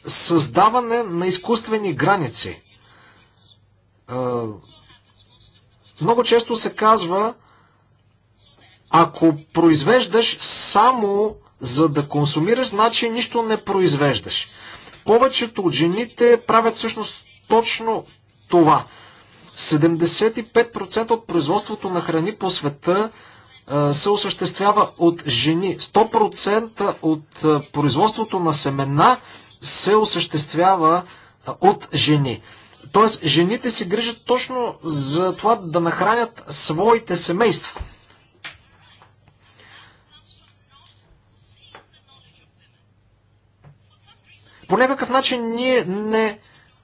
създаване на изкуствени граници много често се казва, ако произвеждаш само за да консумираш, значи нищо не произвеждаш. Повечето от жените правят всъщност точно това. 75% от производството на храни по света се осъществява от жени. 100% от производството на семена се осъществява от жени. Тоест, жените се грижат точно за това да нахранят своите семейства. По някакъв начин ние не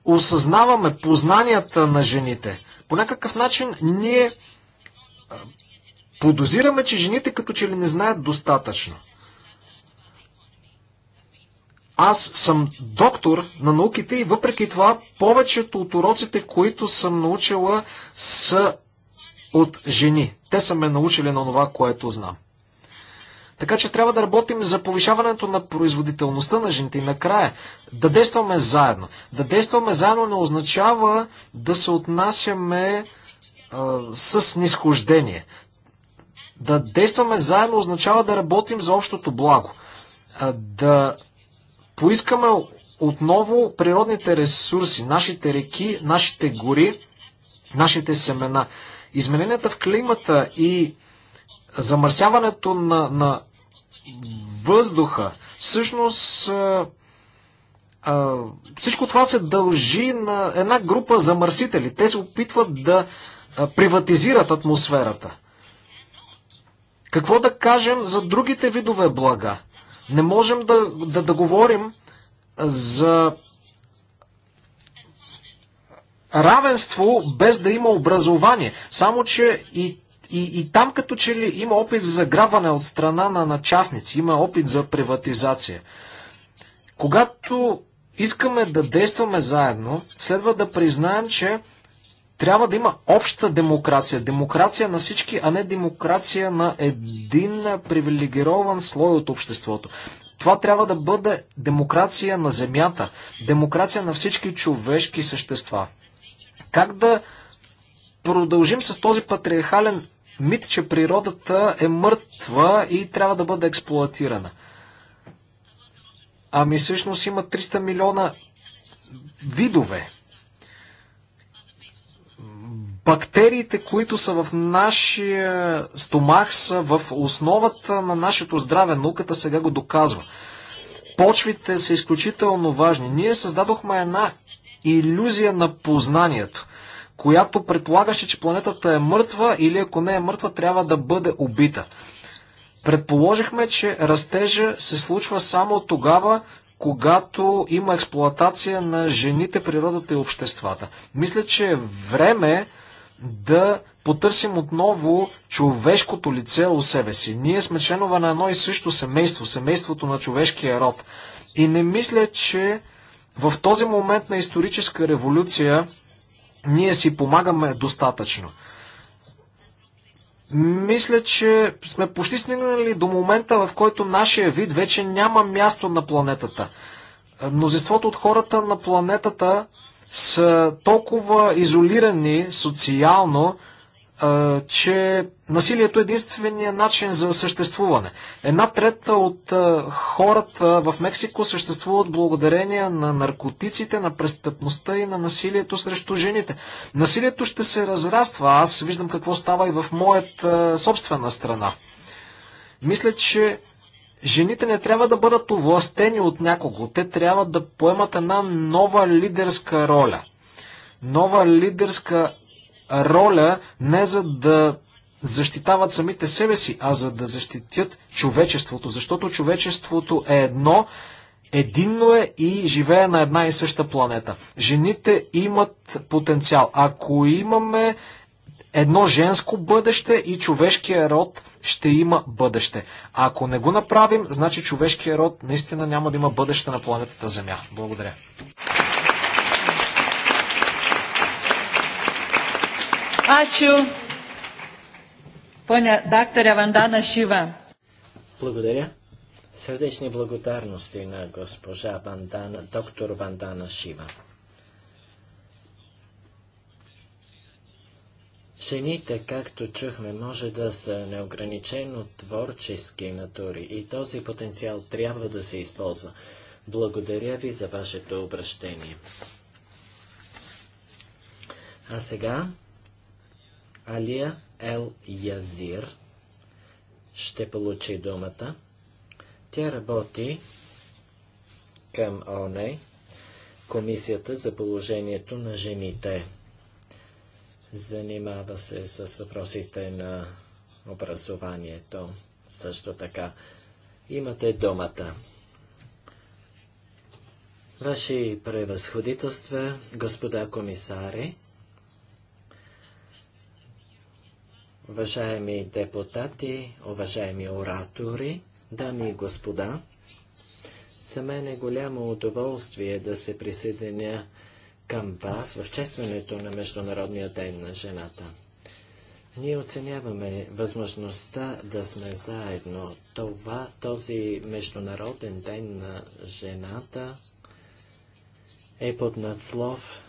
осъзнаваме познанията на жените. По някакъв начин ние подозираме, че жените като че ли не знаят достатъчно. Аз съм доктор на науките и въпреки това повечето от уроците, които съм научила, са от жени. Те са ме научили на това, което знам. Така че трябва да работим за повишаването на производителността на жените и накрая да действаме заедно. Да действаме заедно не означава да се отнасяме а, с нисхождение. Да действаме заедно означава да работим за общото благо. А, да поискаме отново природните ресурси, нашите реки, нашите гори, нашите семена. Измененията в климата и замърсяването на, на въздуха, всъщност всичко това се дължи на една група замърсители. Те се опитват да приватизират атмосферата. Какво да кажем за другите видове блага? Не можем да, да, да говорим за равенство без да има образование. Само, че и, и, и там като че ли има опит за заграбване от страна на, начастници, има опит за приватизация. Когато искаме да действаме заедно, следва да признаем, че трябва да има обща демокрация, демокрация на всички, а не демокрация на един привилегирован слой от обществото. Това трябва да бъде демокрация на земята, демокрация на всички човешки същества. Как да продължим с този патриархален мит, че природата е мъртва и трябва да бъде експлуатирана? Ами всъщност има 300 милиона видове Бактериите, които са в нашия стомах, са в основата на нашето здраве. Науката сега го доказва. Почвите са изключително важни. Ние създадохме една иллюзия на познанието, която предполагаше, че планетата е мъртва или ако не е мъртва, трябва да бъде убита. Предположихме, че растежа се случва само тогава, когато има експлоатация на жените, природата и обществата. Мисля, че е време да потърсим отново човешкото лице у себе си. Ние сме членове на едно и също семейство, семейството на човешкия род. И не мисля, че в този момент на историческа революция ние си помагаме достатъчно. Мисля, че сме почти стигнали до момента, в който нашия вид вече няма място на планетата. Мнозинството от хората на планетата са толкова изолирани социално, че насилието е единствения начин за съществуване. Една трета от хората в Мексико съществуват благодарение на наркотиците, на престъпността и на насилието срещу жените. Насилието ще се разраства. Аз виждам какво става и в моята собствена страна. Мисля, че Жените не трябва да бъдат овластени от някого. Те трябва да поемат една нова лидерска роля. Нова лидерска роля не за да защитават самите себе си, а за да защитят човечеството. Защото човечеството е едно, единно е и живее на една и съща планета. Жените имат потенциал. Ако имаме едно женско бъдеще и човешкия род ще има бъдеще. А ако не го направим, значи човешкия род наистина няма да има бъдеще на планетата Земя. Благодаря. Ашу, Pone daktarė Vandana Шива. Благодаря. Сърдечни благодарности на госпожа Вандана, доктор Вандана Шива. Жените, както чухме, може да са неограничено творчески натури и този потенциал трябва да се използва. Благодаря ви за вашето обращение. А сега Алия Ел Язир ще получи думата. Тя работи към ОНЕ, Комисията за положението на жените. Занимава се с въпросите на образованието също така. Имате думата. Ваши превъзходителства, господа комисари, уважаеми депутати, уважаеми оратори, дами и господа, за мен е голямо удоволствие да се присъединя към вас в честването на Международния ден на жената. Ние оценяваме възможността да сме заедно. Това, този Международен ден на жената е под надслов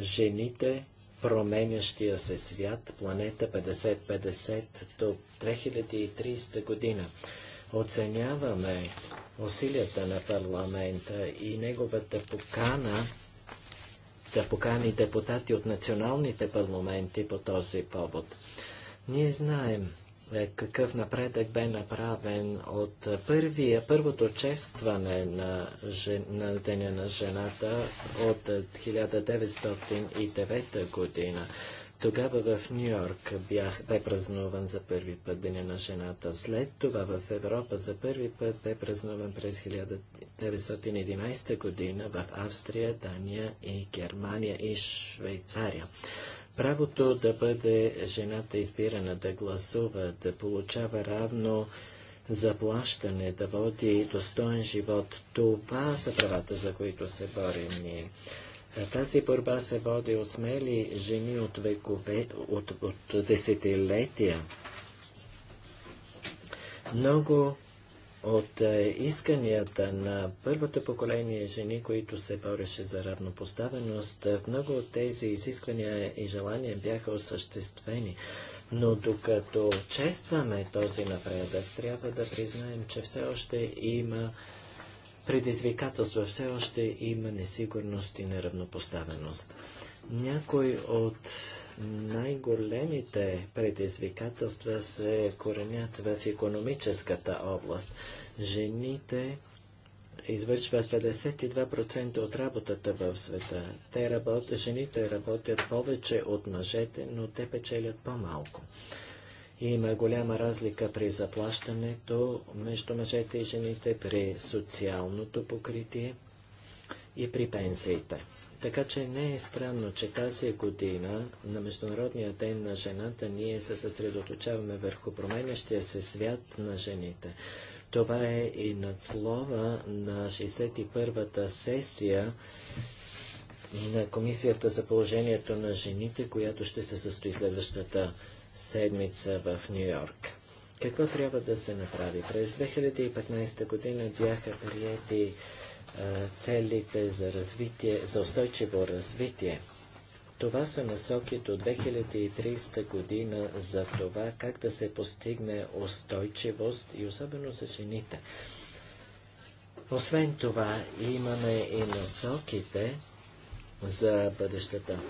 Жените, променящия се свят, планета 50-50 до 2030 година. Оценяваме усилията на парламента и неговата покана да покани депутати от националните парламенти по този повод. Ние знаем е, какъв напредък бе направен от първия, първото честване на, жен, на Деня на жената от 1909 е, година. Тогава в Нью Йорк бях, бе празнуван за първи път Деня на жената. След това в Европа за първи път бе празнуван през 1911 година в Австрия, Дания и Германия и Швейцария. Правото да бъде жената избирана, да гласува, да получава равно заплащане, да води достоен живот, това са правата, за които се борим ние. Тази борба се води от смели жени от векове, от, от десетилетия. Много от е, исканията на първото поколение жени, които се бореше за равнопоставеност, е, много от тези изисквания и желания бяха осъществени. Но докато честваме този напредък, трябва да признаем, че все още има предизвикателства все още има несигурност и неравнопоставеност. Някой от най-големите предизвикателства се коренят в економическата област. Жените извършват 52% от работата в света. Те работят, Жените работят повече от мъжете, но те печелят по-малко. Има голяма разлика при заплащането между мъжете и жените, при социалното покритие и при пенсиите. Така че не е странно, че тази година на Международния ден на жената ние се съсредоточаваме върху променящия се свят на жените. Това е и надслова на 61-та сесия на Комисията за положението на жените, която ще се състои следващата седмица в Нью Йорк. Какво трябва да се направи? През 2015 година бяха приети целите за, развитие, за устойчиво развитие. Това са насоки до 2030 година за това как да се постигне устойчивост и особено за жените. Освен това, имаме и насоките за бъдещата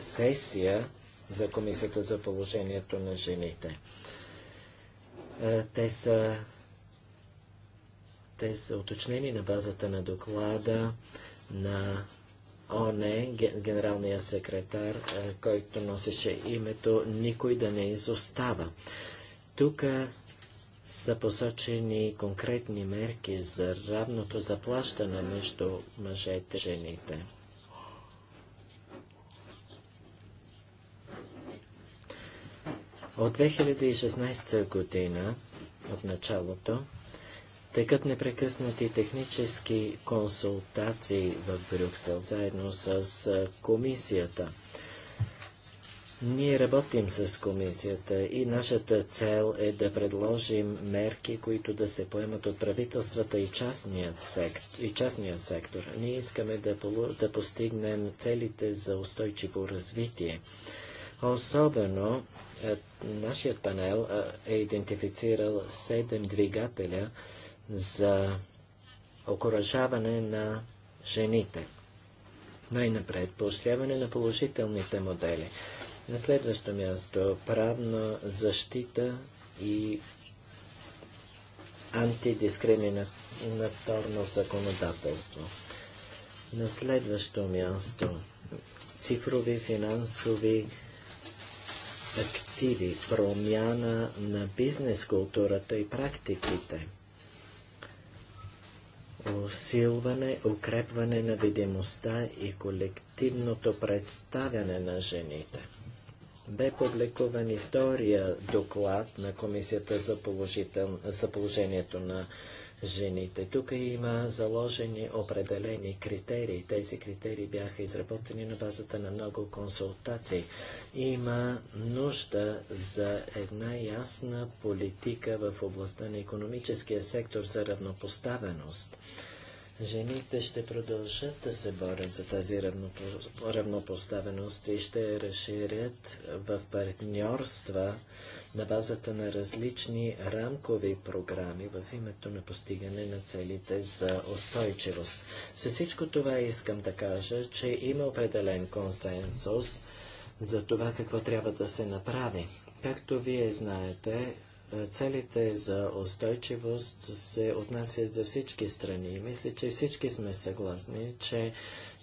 сесия за Комисията за положението на жените. Е, те са, те са уточнени на базата на доклада на ОНЕ, генералния секретар, е, който носеше името Никой да не изостава. Тук са посочени конкретни мерки за равното заплащане между мъжете и жените. От 2016 година, от началото, текат непрекъснати технически консултации в Брюксел, заедно с комисията. Ние работим с комисията и нашата цел е да предложим мерки, които да се поемат от правителствата и частният, сект, и частният сектор. Ние искаме да, полу, да постигнем целите за устойчиво развитие. Особено е, Нашият панел е, е идентифицирал 7 двигателя за окоръжаване на жените. Най-напред, поощряване на положителните модели. На следващо място, правна защита и антидискриминаторно законодателство. На следващо място, цифрови финансови активи, промяна на бизнес културата и практиките, усилване, укрепване на видимостта и колективното представяне на жените. Бе публикуван и втория доклад на Комисията за, положител... за положението на жените. Тук има заложени определени критерии. Тези критерии бяха изработени на базата на много консултации. Има нужда за една ясна политика в областта на економическия сектор за равнопоставеност. Жените ще продължат да се борят за тази равнопоставеност и ще разширят в партньорства на базата на различни рамкови програми в името на постигане на целите за устойчивост. С всичко това искам да кажа, че има определен консенсус за това какво трябва да се направи. Както вие знаете, целите за устойчивост се отнасят за всички страни. мисля, че всички сме съгласни, че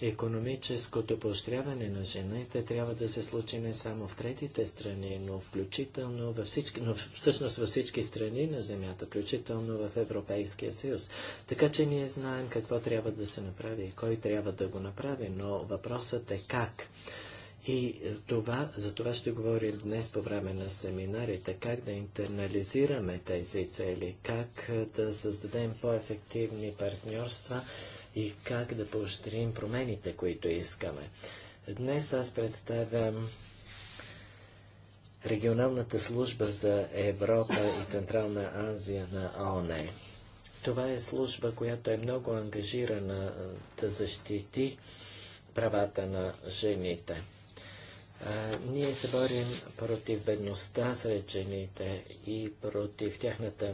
економическото поощряване на жените трябва да се случи не само в третите страни, но включително във всички, но всъщност във всички страни на Земята, включително в Европейския съюз. Така че ние знаем какво трябва да се направи и кой трябва да го направи, но въпросът е как. И е, това, за това ще говорим днес по време на семинарите, как да интернализираме тези цели, как е, да създадем по-ефективни партньорства и как да поощрим промените, които искаме. Днес аз представям регионалната служба за Европа и Централна Азия на ООН. Това е служба, която е много ангажирана е, да защити правата на жените. Ние се борим против бедността сред жените и против тяхната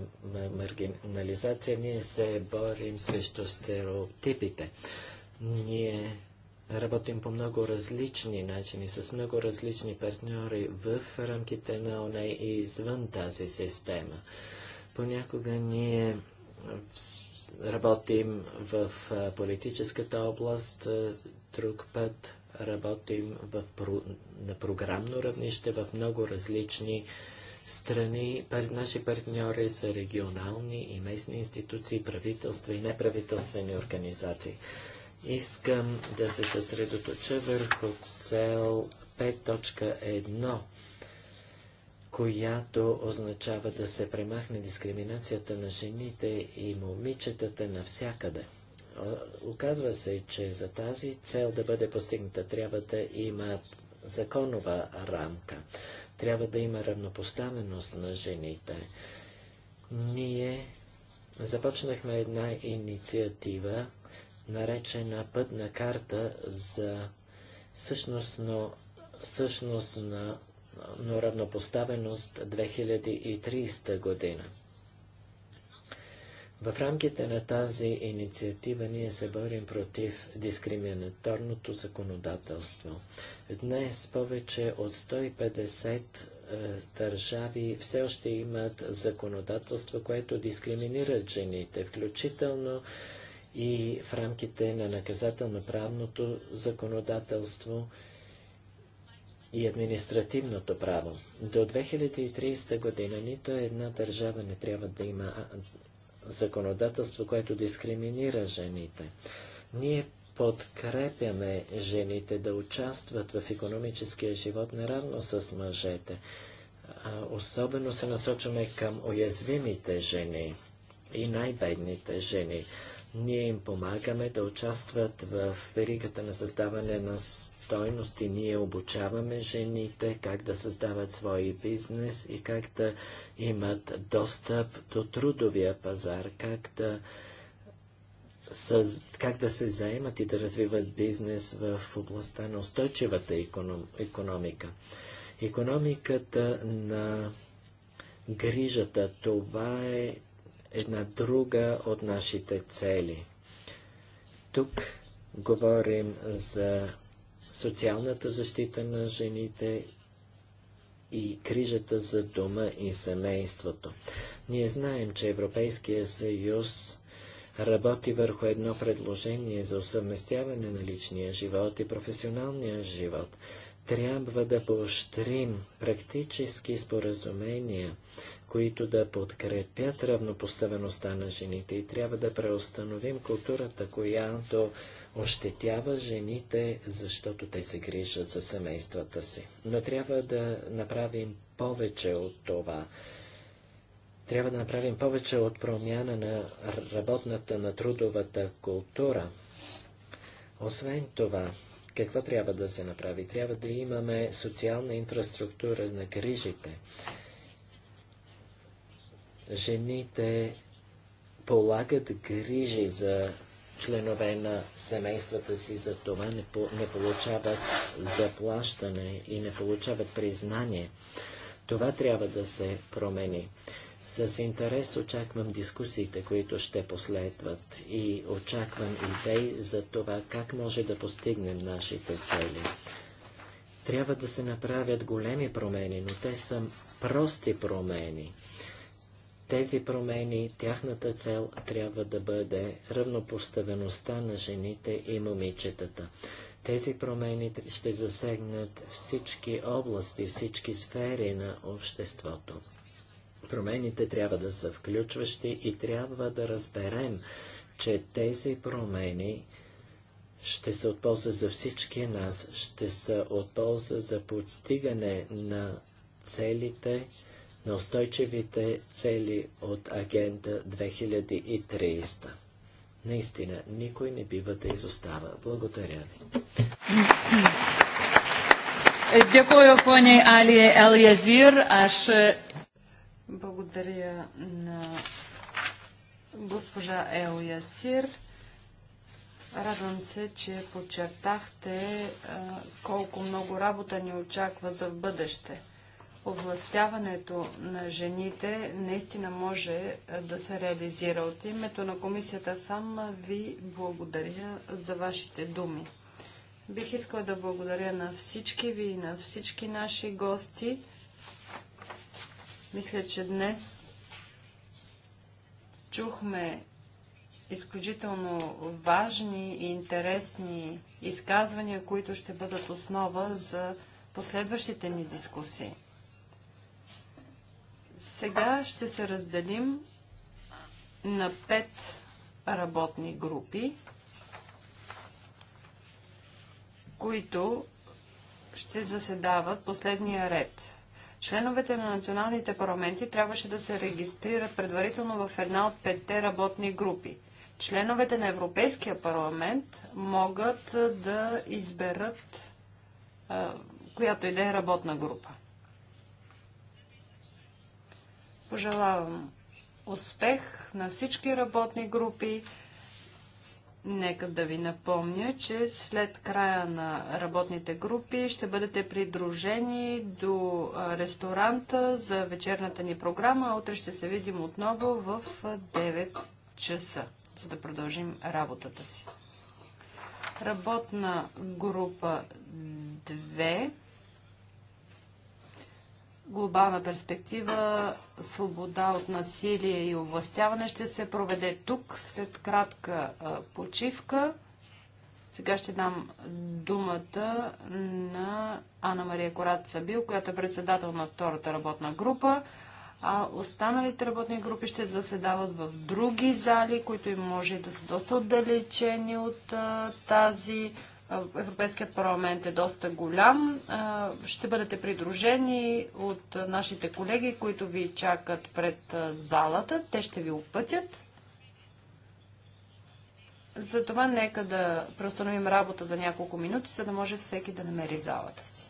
маргинализация. Ние се борим срещу стереотипите. Ние работим по много различни начини, с много различни партньори в рамките на ОНЕ и извън тази система. Понякога ние работим в политическата област, друг път Работим в, на програмно равнище в много различни страни. наши партньори са регионални и местни институции, правителства и неправителствени организации. Искам да се съсредоточа върху цел 5.1 която означава да се премахне дискриминацията на жените и момичетата навсякъде. Оказва се, че за тази цел да бъде постигната трябва да има законова рамка. Трябва да има равнопоставеност на жените. Ние започнахме една инициатива, наречена пътна карта за същностно, същностно но равнопоставеност 2030 година. В рамките на тази инициатива ние се борим против дискриминаторното законодателство. Днес повече от 150 е, държави все още имат законодателство, което дискриминират жените, включително и в рамките на наказателно-правното законодателство и административното право. До 2030 година нито една държава не трябва да има законодателство, което дискриминира жените. Ние подкрепяме жените да участват в економическия живот наравно с мъжете. Особено се насочваме към уязвимите жени и най-бедните жени. Ние им помагаме да участват в веригата на създаване на стойности. Ние обучаваме жените как да създават свой бизнес и как да имат достъп до трудовия пазар, как да, съз... как да се заемат и да развиват бизнес в областта на устойчивата економ... економика. Економиката на грижата, това е една друга от нашите цели. Тук говорим за социалната защита на жените и крижата за дома и семейството. Ние знаем, че Европейския съюз работи върху едно предложение за усъвместяване на личния живот и професионалния живот. Трябва да поощрим практически споразумения, които да подкрепят равнопоставеността на жените и трябва да преустановим културата, която ощетява жените, защото те се грижат за семействата си. Но трябва да направим повече от това. Трябва да направим повече от промяна на работната, на трудовата култура. Освен това, какво трябва да се направи? Трябва да имаме социална инфраструктура на грижите. Жените полагат грижи за членове на семействата си, за това не, по, не получават заплащане и не получават признание. Това трябва да се промени. С интерес очаквам дискусиите, които ще последват и очаквам идеи за това как може да постигнем нашите цели. Трябва да се направят големи промени, но те са прости промени. Тези промени, тяхната цел трябва да бъде равнопоставеността на жените и момичетата. Тези промени ще засегнат всички области, всички сфери на обществото. Промените трябва да са включващи и трябва да разберем, че тези промени ще са от полза за всички нас, ще са от полза за подстигане на целите, на устойчивите цели от Агента 2030. Наистина, никой не бива да изостава. Благодаря ви. Dėkuoju poniai Ali Eliezir. Aš благодаря на госпожа Ел Ясир. Радвам се, че подчертахте колко много работа ни очаква за в бъдеще. Овластяването на жените наистина може да се реализира. От името на комисията ФАМ ви благодаря за вашите думи. Бих искала да благодаря на всички ви и на всички наши гости. Мисля, че днес чухме изключително важни и интересни изказвания, които ще бъдат основа за последващите ни дискусии. Сега ще се разделим на пет работни групи, които ще заседават последния ред. Членовете на националните парламенти трябваше да се регистрират предварително в една от петте работни групи. Членовете на Европейския парламент могат да изберат а, която и да е работна група. Пожелавам успех на всички работни групи. Нека да ви напомня, че след края на работните групи ще бъдете придружени до ресторанта за вечерната ни програма. Утре ще се видим отново в 9 часа, за да продължим работата си. Работна група 2 глобална перспектива свобода от насилие и овластяване ще се проведе тук след кратка почивка. Сега ще дам думата на Анна Мария Корат Сабил, която е председател на втората работна група. А останалите работни групи ще заседават в други зали, които им може да са доста отдалечени от а, тази Европейският парламент е доста голям. Ще бъдете придружени от нашите колеги, които ви чакат пред залата. Те ще ви опътят. Затова нека да преустановим работа за няколко минути, за да може всеки да намери залата си.